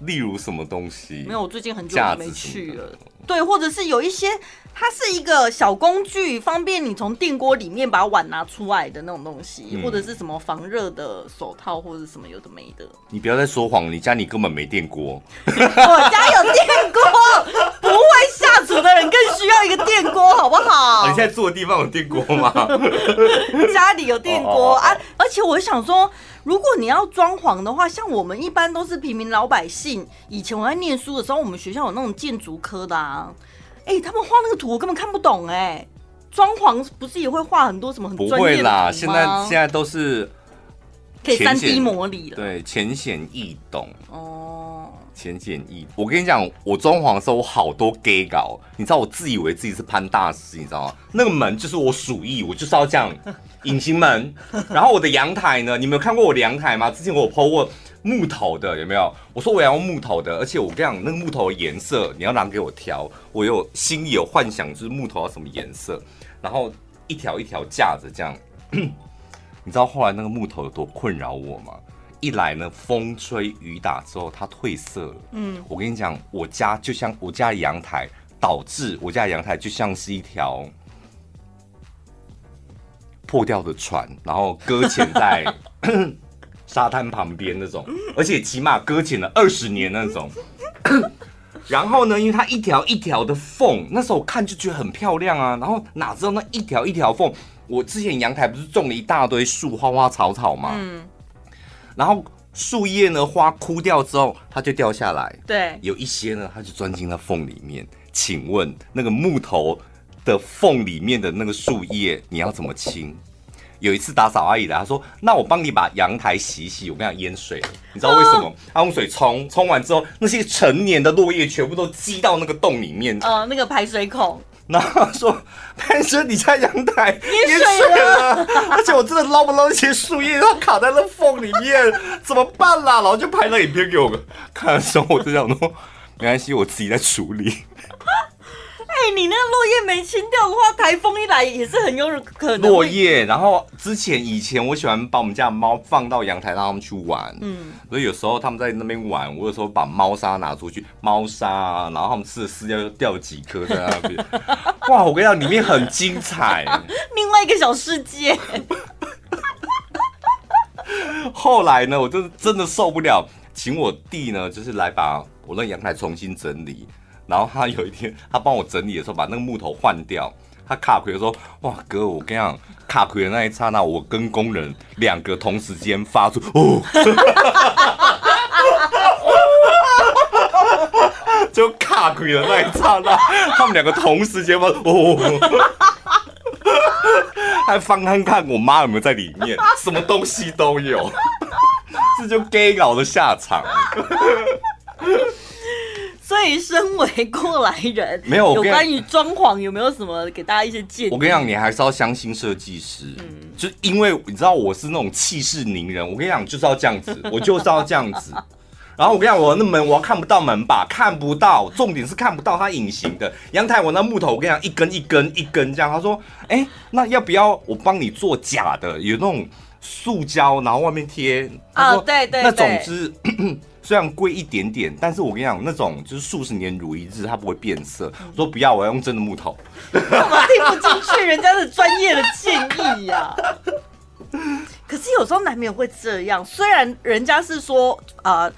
例如什麼東西？沒有，我最近很久都沒去了。對，或者是有一些，它是一個小工具，方便你從電鍋裡面把碗拿出來的那種東西，嗯、或者是什麼防熱的手套，或者什麼有的沒的。你不要再說謊，你家裡根本沒電鍋。 [LAUGHS] 我家有電鍋。 [LAUGHS] [LAUGHS] 下廚的人更需要一個電鍋，好不好，哦？你現在住的地方有電鍋嗎？ [LAUGHS] 家裡有電鍋，oh, oh, oh. 啊，而且我想說，如果你要裝潢的話，像我們一般都是平民老百姓。以前我在念書的時候，我們學校有那種建築科的啊。哎，欸，他們畫那個圖，我根本看不懂欸。哎，裝潢不是也會畫很多什麼很專業的圖嗎？不會啦，現在現在都是可以三 D 模擬的，對，淺顯易懂哦。Oh. 淺淺意，我跟你講，我裝潢的時候我好多 gay 稿，你知道我自以為自己是潘大師，你知道嗎？那個門就是我屬意，我就是要這樣隱形門。然後我的陽台呢，你們有看過我陽台嗎？之前我有 po 過木頭的，有沒有？我說我要用木頭的，而且我跟你講，那個木頭的顏色你要拿給我挑，我有心有幻想，就是木頭要什麼顏色，然後一條一條架着這樣。 [COUGHS] 你知道後來那個木頭有多困擾我嗎？一來呢，風吹雨打之後它褪色了。嗯，我跟你講，我家就像我家的陽台，導致我家的陽台就像是一條破掉的船，然後擱淺在 [LAUGHS] [COUGHS] 沙灘旁邊那種，而且起碼擱淺了二十年那種。 [COUGHS] 然後呢，因為它一條一條的縫，那時候看就覺得很漂亮啊。然後哪知道那一條一條縫，我之前陽台不是種了一大堆樹、花花草草嗎？嗯然後樹葉呢，花枯掉之後，它就掉下來。對，有一些呢，它就鑽進那縫裡面。請問那個木頭的縫裡面的那個樹葉，你要怎麼清？有一次打掃阿姨來，她說：“那我幫你把陽台洗洗。”我跟她淹水，你知道為什麼？她用、哦、水沖，沖完之後，那些成年的落葉全部都積到那個洞裡面。哦，那個排水孔。然後說，潘叔你在陽台淹水,水了，而且我真的撈不撈一些樹葉，然後卡在那縫裡面，怎麼辦啦、啊？然後就拍那影片給我們看的時候，我就想說，沒關係，我自己在處理。你那落葉沒清掉的話，台風一來也是很有可能。落葉，然後之前以前我喜歡把我們家的貓放到陽台，讓他們去玩，嗯、所以有時候他們在那邊玩，我有時候把貓砂拿出去，貓砂，然後他們吃的飼料又掉幾顆在那邊。 [LAUGHS] 哇，我跟你講，裡面很精彩， [LAUGHS] 另外一個小世界。 [LAUGHS] 後來呢，我就真的受不了，請我弟呢，就是來把我那陽台重新整理。然後他有一天，他幫我整理的時候，把那個木頭換掉。他卡虧的時候，哇哥，我跟你講，卡虧的那一剎那，我跟工人兩個同時間發出，哦，就卡虧的那一剎那，他們兩個同時間發出，哦，還翻看看我媽有沒有在裡面，什麼東西都有，這就 gay 佬的下場。所以，身為過來人，沒有，我跟有關於裝潢有沒有什麼給大家一些建議？我跟你講，你還是要相信設計師，嗯、就因為你知道我是那種氣勢凌人。我跟你講，就是要這樣子，我就是要這樣子。 [LAUGHS] 然後我跟你講，我那門我要看不到門把，看不到，重點是看不到它隱形的陽台。我那木頭，我跟你講，一根一根一根這樣。他說，哎、欸，那要不要我幫你做假的？有那種塑膠，然後外面貼啊，對對，對，那總之。對對雖然貴一點點，但是我跟你講，那種就是數十年如一日，它不會變色。說不要，我要用真的木頭。怎麼聽不進去人家的專業的建議呀、啊？ [LAUGHS] 可是有時候難免會這樣。雖然人家是說啊，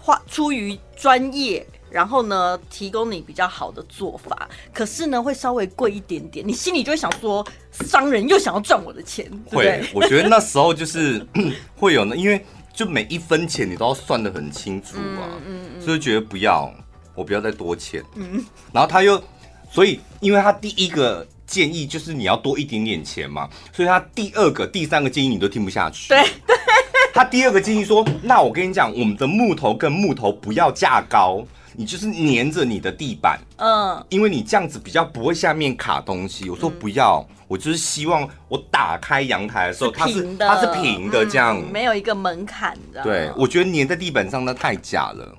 話、呃、出於專業，然後呢，提供你比較好的做法，可是呢，會稍微貴一點點，你心裡就會想說，商人又想要賺我的錢。會對吧我覺得那時候就是 [COUGHS] 會有呢，因為。就每一分錢你都要算得很清楚啊，嗯嗯嗯、所以覺得不要，我不要再多錢。嗯，然後他又，所以因為他第一個建議就是你要多一點點錢嘛，所以他第二個、第三個建議你都聽不下去。對，他第二個建議說，那我跟你講，我們的木頭跟木頭不要架高。你就是黏着你的地板，嗯，因為你這樣子比較不會下面卡東西。我說不要，嗯、我就是希望我打開陽台的時候，是平的，它是它是平的，這樣、嗯、沒有一個門檻的。對，我覺得粘在地板上那太假了。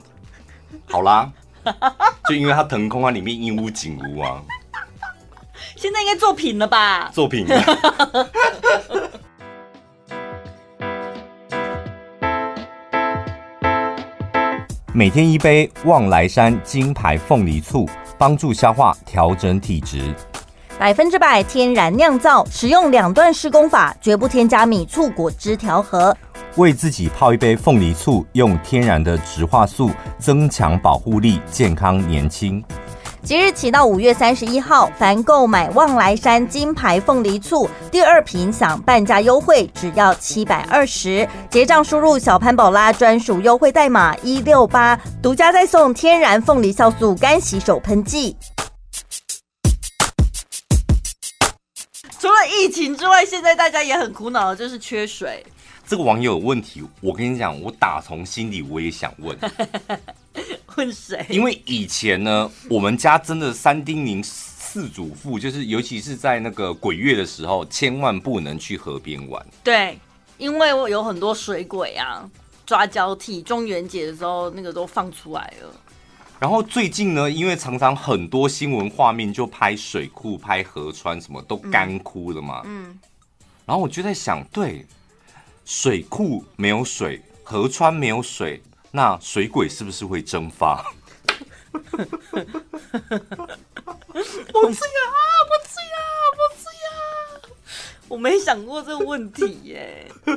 好啦， [LAUGHS] 就因為它騰空啊，裡面一屋景屋啊，現在應該做平了吧？做平了。 [LAUGHS] [LAUGHS] 每天一杯旺萊山金牌鳳梨醋，幫助消化，調整體質。百分之百天然釀造，使用兩段式工法，絕不添加米醋、果汁調和。為自己泡一杯鳳梨醋，用天然的植化素增強保護力，健康年輕。即日起到五月三十一號，凡購買望來山金牌鳳梨醋，第二瓶享半價優惠，只要七百二十。結賬輸入小潘寶拉專屬優惠代碼一六八，獨家再送天然鳳梨酵素乾洗手噴劑。除了疫情之外，現在大家也很苦惱，就是缺水。這個網友有問題，我跟你講，我打從心裡我也想問。 [LAUGHS] 因為以前呢，我們家真的三叮嚀四囑咐，就是尤其是在那個鬼月的時候，千萬不能去河邊玩。對，因為我有很多水鬼啊，抓交替。中元節的時候，那個都放出來了。然後最近呢，因為常常很多新聞畫面就拍水庫、拍河川，什麼都乾枯了嘛。嗯。嗯，然後我就在想，對，水庫沒有水，河川沒有水。那水鬼是不是會蒸發？ [LAUGHS] [LAUGHS] 不吃呀！啊，不吃呀、啊！不吃呀、啊！我沒想過這個問題耶、欸。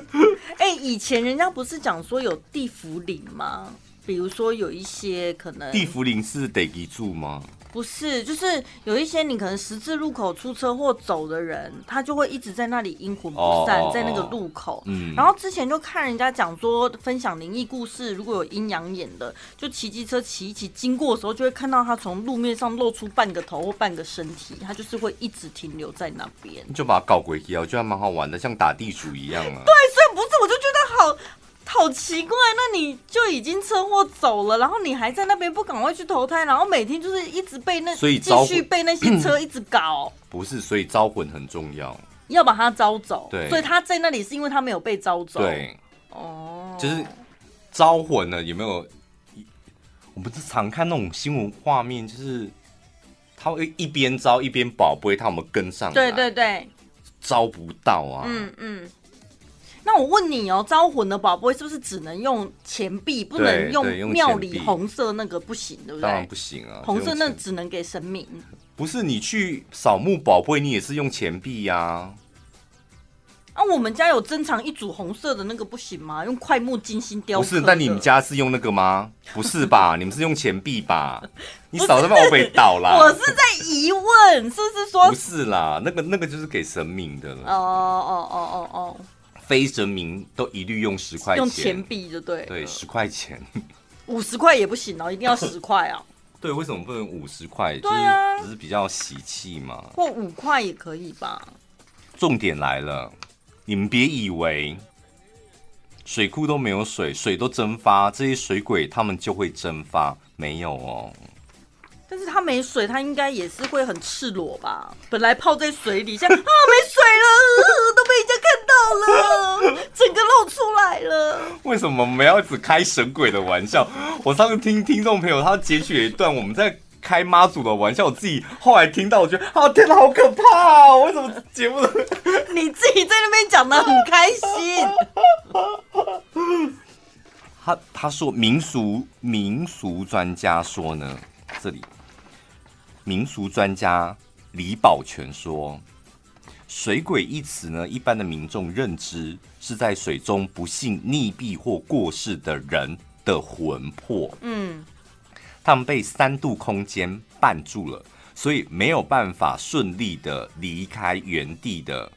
哎、 [LAUGHS] 欸，以前人家不是講說有地縛靈嗎？比如說有一些可能，地縛靈是地基主嗎？不是，就是有一些你可能十字路口出車禍走的人，他就會一直在那裡陰魂不散，oh, oh, oh. 在那個路口。嗯，然後之前就看人家講說，分享靈異故事，如果有陰陽眼的，就騎機車騎一騎經過的時候，就會看到他從路面上露出半個頭或半個身體，他就是會一直停留在那邊，就把它搞鬼一樣。我覺得蠻好玩的，像打地鼠一樣啊。 [LAUGHS] 對，所以不是，我就覺得好。好奇怪，那你就已經車禍走了，然後你還在那邊不趕快去投胎，然後每天就是一直被那所以招魂，繼續被那些車一直搞 [COUGHS] 。不是，所以招魂很重要，要把他招走。對，所以他在那裡是因為他沒有被招走。對，哦，就是招魂呢，有沒有？我們是常看那種新聞畫面，就是他會一邊招一邊保，不會他們跟上。對對對，招不到啊。嗯嗯。嗯那我問你哦，招魂的寶貝是不是只能用錢幣，不能用廟裡紅色那個不行，對，對，對不對？當然不行啊，紅色那只能給神明。不是你去掃墓寶貝，你也是用錢幣呀，啊？啊，我們家有珍藏一組紅色的那個不行嗎？用塊木精心雕。不是，那你們家是用那個嗎？不是吧？ [LAUGHS] 你們是用錢幣吧？ [LAUGHS] 你掃把我被倒了。我是在疑問， [LAUGHS] 是不是說？不是啦，那個那個就是給神明的。哦哦哦哦哦。非神明都一律用十塊錢，用錢幣就對。對，十塊錢，五十塊也不行哦，一定要十塊啊。 [LAUGHS] 對，為什麼不能五十塊？對啊，就是只是比較喜氣嘛。或五塊也可以吧。重點來了，你們別以為水庫都沒有水，水都蒸發，這些水鬼他們就會蒸發，沒有哦。但是他沒水，他應該也是會很赤裸吧？本來泡在水底下，啊，沒水。 [LAUGHS] 了，整個露出來了。為什麼我們要只開神鬼的玩笑？我上次聽聽眾朋友他截取了一段我們在開媽祖的玩笑，我自己後來聽到，我覺得啊天哪，好可怕啊！我為什麼節目？你自己在那邊講得很開心。他他說民俗民俗專家說呢，這裡民俗專家李保全說。水鬼一詞呢，一般的民眾認知是在水中不幸溺斃或過世的人的魂魄。嗯，他們被三度空間絆住了，所以沒有辦法順利的離開原地的，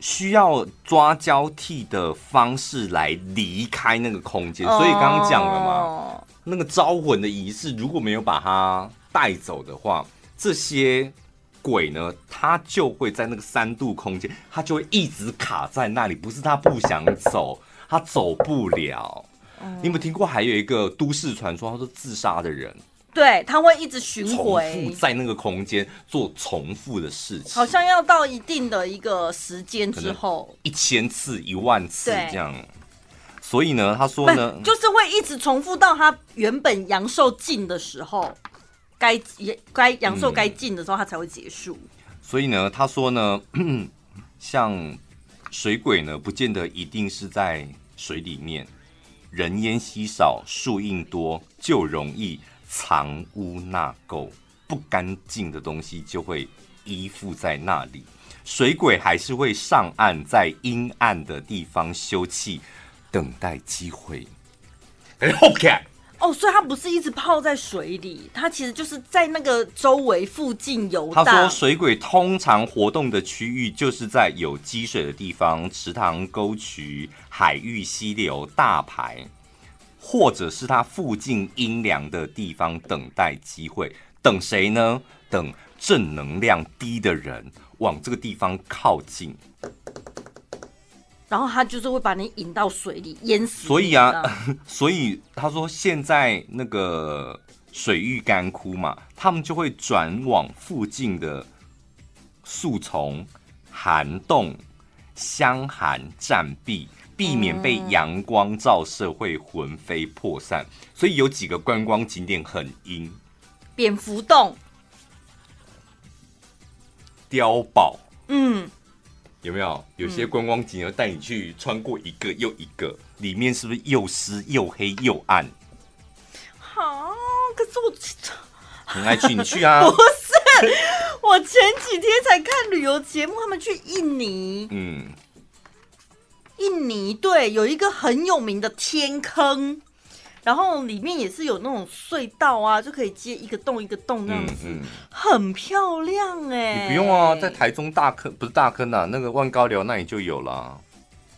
需要抓交替的方式來離開那個空間。所以剛剛講了嘛，哦、那個招魂的儀式如果沒有把它帶走的話，這些。鬼呢，他就會在那個三度空間，他就會一直卡在那裡。不是他不想走，他走不了。嗯、你有沒有聽過？還有一個都市傳說，他說自殺的人，對，他會一直循回，重複在那個空間做重複的事情。好像要到一定的一個時間之後，一千次、一萬次這樣。對所以呢，他說呢，就是會一直重複到他原本陽壽盡的時候。該也該陽壽該盡的時候，它才會結束。嗯。所以呢，他說呢，像水鬼呢，不見得一定是在水裡面，人煙稀少、樹蔭多，就容易藏污納垢，不乾淨的東西就會依附在那裡。水鬼還是會上岸，在陰暗的地方休憩，等待機會。欸 OK 哦，所以它不是一直泡在水裡，它其實就是在那個周圍附近游蕩。他說，水鬼通常活動的區域就是在有積水的地方，池塘、溝渠、海域、溪流、大排，或者是它附近陰涼的地方等待機會。等誰呢？等正能量低的人往這個地方靠近。然後他就是會把你引到水裡淹死。所以啊， [LAUGHS] 所以他說現在那個水域乾枯嘛，他們就會轉往附近的樹叢、涵洞、箱涵、暫避，避免被陽光照射會魂飛魄散。嗯、所以有幾個觀光景點很陰、蝙蝠洞、碉堡，嗯。有沒有有些觀光景要帶你去穿過一個又一個，嗯、裡面是不是又濕又黑又暗？好、啊，可是我其實很愛去，你去啊！ [LAUGHS] 不是，我前幾天才看旅遊節目，他們去印尼，嗯，印尼對，有一個很有名的天坑。然後裡面也是有那種隧道啊，就可以接一個洞一個洞那樣子，嗯嗯、很漂亮哎、欸。你不用啊，在台中大坑，不是大坑吶、啊，那個望高寮那裡就有了，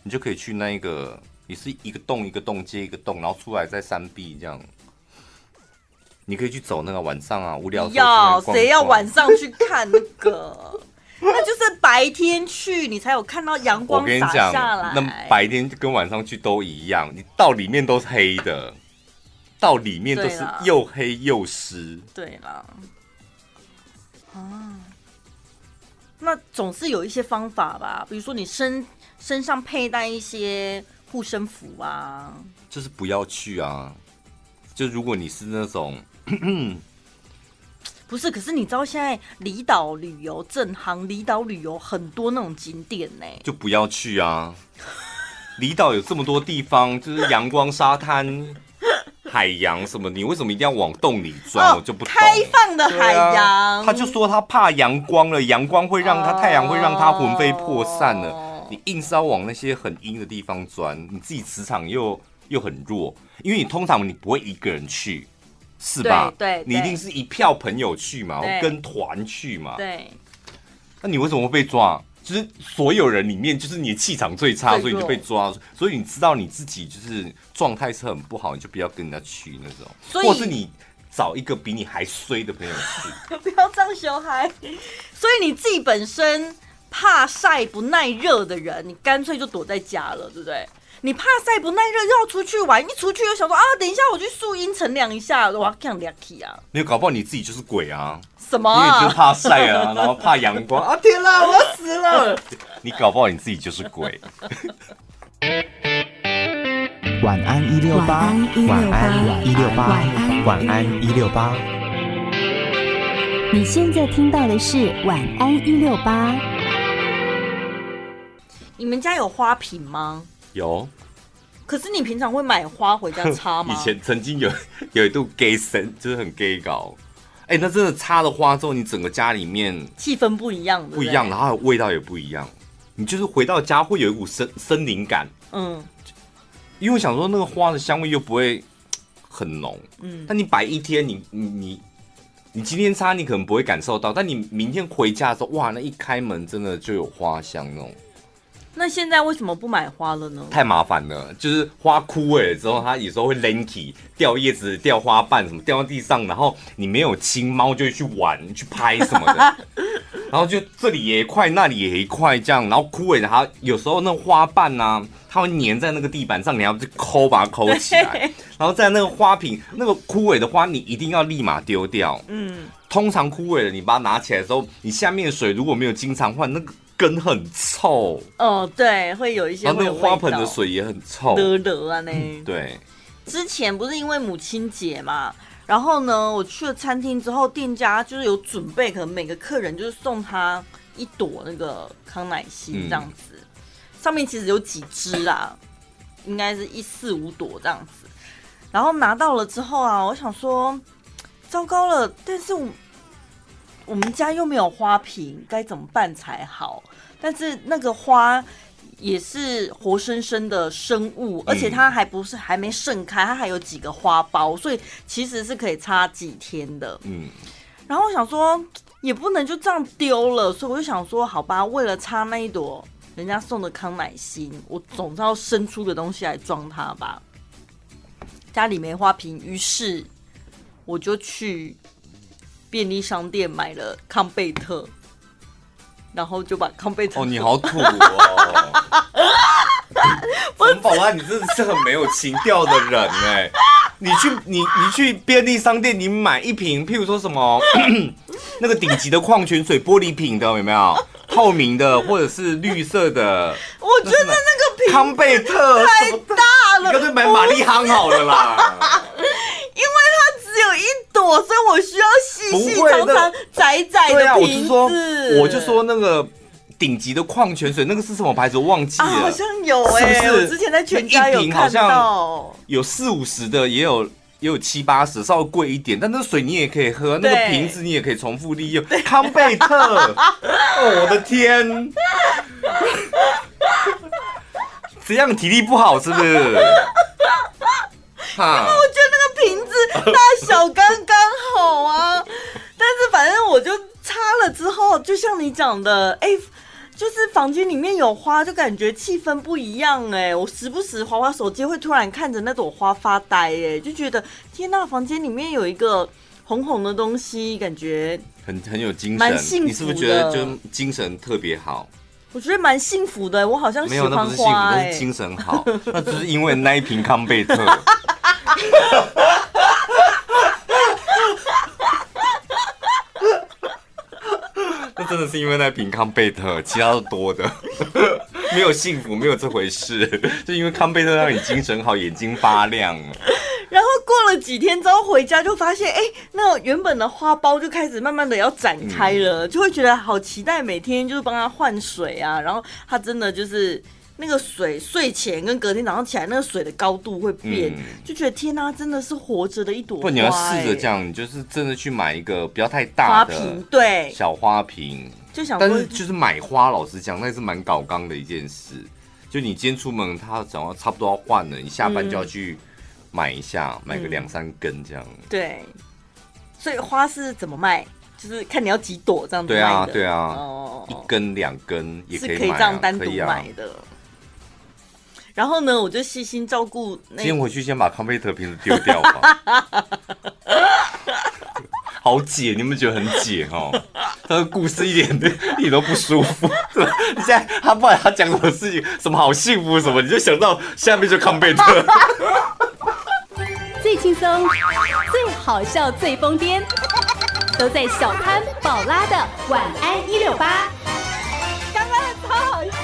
你就可以去那一個，你是一個洞一個洞接一個洞，然後出來在山壁這樣。你可以去走那個晚上啊，無聊逛逛。要誰要晚上去看那個？ [LAUGHS] 那就是白天去你才有看到陽光灑下來。我跟你講。那白天跟晚上去都一樣，你到裡面都是黑的。到裡面都是又黑又濕。對啦，哦、啊，那總是有一些方法吧，比如說你身身上佩戴一些護身符啊。就是不要去啊！就如果你是那種…… [COUGHS] 不是？可是你知道現在離島旅遊正夯，離島旅遊很多那種景點呢，就不要去啊！離島 [LAUGHS] 有這麼多地方，就是陽光沙灘。 [LAUGHS] 海洋什麼？你為什麼一定要往洞裡鑽？我就不懂。開放的海洋，他就說他怕陽光了，陽光會讓他太陽會讓他魂飛魄散了。你硬是要往那些很陰的地方鑽，你自己磁場又又很弱，因為你通常你不會一個人去，是吧？對，你一定是一票朋友去嘛，跟團去嘛。對，那你為什麼會被抓啊？就是所有人裡面，就是你的氣場最差，對所以你就被抓，弱所以你知道你自己就是狀態是很不好，你就不要跟人家去那種。以或是你找一個比你還衰的朋友去， [LAUGHS] 不要這樣小孩。 [LAUGHS] 所以你自己本身怕曬不耐熱的人，你乾脆就躲在家了，對不對？你怕曬不耐熱，又要出去玩。一出去又想說啊，等一下我去樹蔭乘涼一下，我要這樣涼啊。沒有，搞不好你自己就是鬼啊！什麼啊？你就怕曬啊， [LAUGHS] 然後怕陽光 [LAUGHS] 啊，啊？天啦，我要死了！你搞不好你自己就是鬼。 [LAUGHS] 晚安一六八，晚安一六八，晚安一六八，晚安一六八。你現在聽到的是晚安一六八。你們家有花瓶嗎？有，可是你平常會買花回家插嗎？以前曾經有有一度 gay 神，就是很 gay 搞，哎、欸，那真的插了花之後，你整個家裡面氣氛不一樣，不一樣，對不對，然後味道也不一樣。你就是回到家會有一股森森林感，嗯，因為我想說那個花的香味又不會很濃，嗯，但你擺一天，你你你你今天插，你可能不會感受到，但你明天回家的時候，哇，那一開門真的就有花香那種。那現在為什麼不買花了呢？太麻煩了，就是花枯萎了之後，它有時候會爛起，掉葉子、掉花瓣什麼掉到地上，然後你沒有清貓就會去玩、去拍什麼的， [LAUGHS] 然後就這裡也一塊，那裡也一塊這樣，然後枯萎，的它有時候那個花瓣呢、啊，它會粘在那個地板上，你要去摳把它摳起來， [LAUGHS] 然後在那個花瓶那個枯萎的花，你一定要立馬丟掉。嗯，通常枯萎了，你把它拿起來的時候，你下面的水如果沒有經常換那個。根很臭哦，對，會有一些有、啊、那個花盆的水也很臭，得得啊、嗯，對。之前不是因為母親節嘛，然後呢，我去了餐廳之後，店家就是有準備，可能每個客人就是送他一朵那個康乃馨這樣子。嗯、上面其實有幾支啊， [COUGHS] 應該是一四五朵這樣子。然後拿到了之後啊，我想說，糟糕了，但是我。我們家又沒有花瓶，該怎麼辦才好？但是那個花也是活生生的生物，而且它還不是還沒盛開，它還有幾個花苞，所以其實是可以插幾天的。嗯。然後我想說，也不能就這樣丟了，所以我就想說，好吧，為了插那一朵人家送的康乃馨，我總是要生出個東西來裝它吧。家裡沒花瓶，於是我就去。便利商店買了康貝特，然後就把康貝特。哦，你好土哦！馮寶安，你真的是很沒有情調的人哎！你去你你去便利商店，你買一瓶，譬如說什麼咳咳那個頂級的礦泉水，玻璃瓶的有沒有？透明的或者是綠色的？我覺得那個瓶康貝特太大了。要不買馬力夯好了啦。因為它只有一朵，所以我需要細細長長窄窄的瓶子。對、啊、我就說，我就說那個頂級的礦泉水，那個是什麼牌子，我忘記了？啊、好像有哎、欸，是不是，我之前在全家有一瓶好像有四五十的，也有也有七八十，稍微貴一點。但那水你也可以喝，對那個瓶子你也可以重複利用。對康貝特、 [LAUGHS] 哦，我的天， [LAUGHS] 這樣體力不好是不是？ [LAUGHS] 因為我覺得那個瓶子大小剛剛好啊，但是反正我就擦了之後，就像你講的，哎，就是房間裡面有花，就感覺氣氛不一樣哎、欸。我時不時滑滑手機，會突然看着那朵花發呆哎、欸，就覺得天吶，房間裡面有一個紅紅的東西，感覺很很有精神，蠻幸福的。你是不是覺得就精神特別好？我覺得蠻幸福的，我好像喜歡花、欸。沒有，那不是幸福，那是精神好， [LAUGHS] 那只是因為那一瓶康貝特。 [LAUGHS] 哈哈哈哈哈！哈哈哈哈哈！哈哈哈哈哈！那真的是因為那瓶康貝特，其他都多的， [LAUGHS] 沒有幸福，沒有這回事， [LAUGHS] 就因為康貝特讓你精神好，眼睛發亮。然後過了幾天之後回家，就發現哎、欸，那個、原本的花苞就開始慢慢的要展開了，嗯、就會覺得好期待。每天就是幫他換水啊，然後他真的就是。那個水睡前跟隔天早上起來，那個水的高度會變，嗯、就覺得天吶、啊，真的是活着的一朵花、欸。不，你要試着這樣，你就是真的去買一個不要太大的花瓶，花瓶，對，小花瓶。就想，但是就是買花，老實講，那是蠻搞剛的一件事。就你今天出門，它早上差不多要換了，你下班就要去買一下，嗯、買個兩三根這樣。對，所以花是怎麼賣？就是看你要幾朵這樣子。對啊，對啊，哦，oh, 一根兩根也可以、啊、是可以這樣單獨、啊、買的。然後呢，我就細心照顧那。先回去先把康貝特瓶子丟掉吧。 [LAUGHS] 好解你們覺得很解哈、哦？ [LAUGHS] 他的故事一點點 [LAUGHS] 你都不舒服。 [LAUGHS] 現在他不管他講什麼事情，什麼好幸福什麼，你就想到下面就康貝特。最輕鬆、最好笑、最瘋癲，都在小潘寶拉的《晚安一六八》。 [LAUGHS] 剛剛超好笑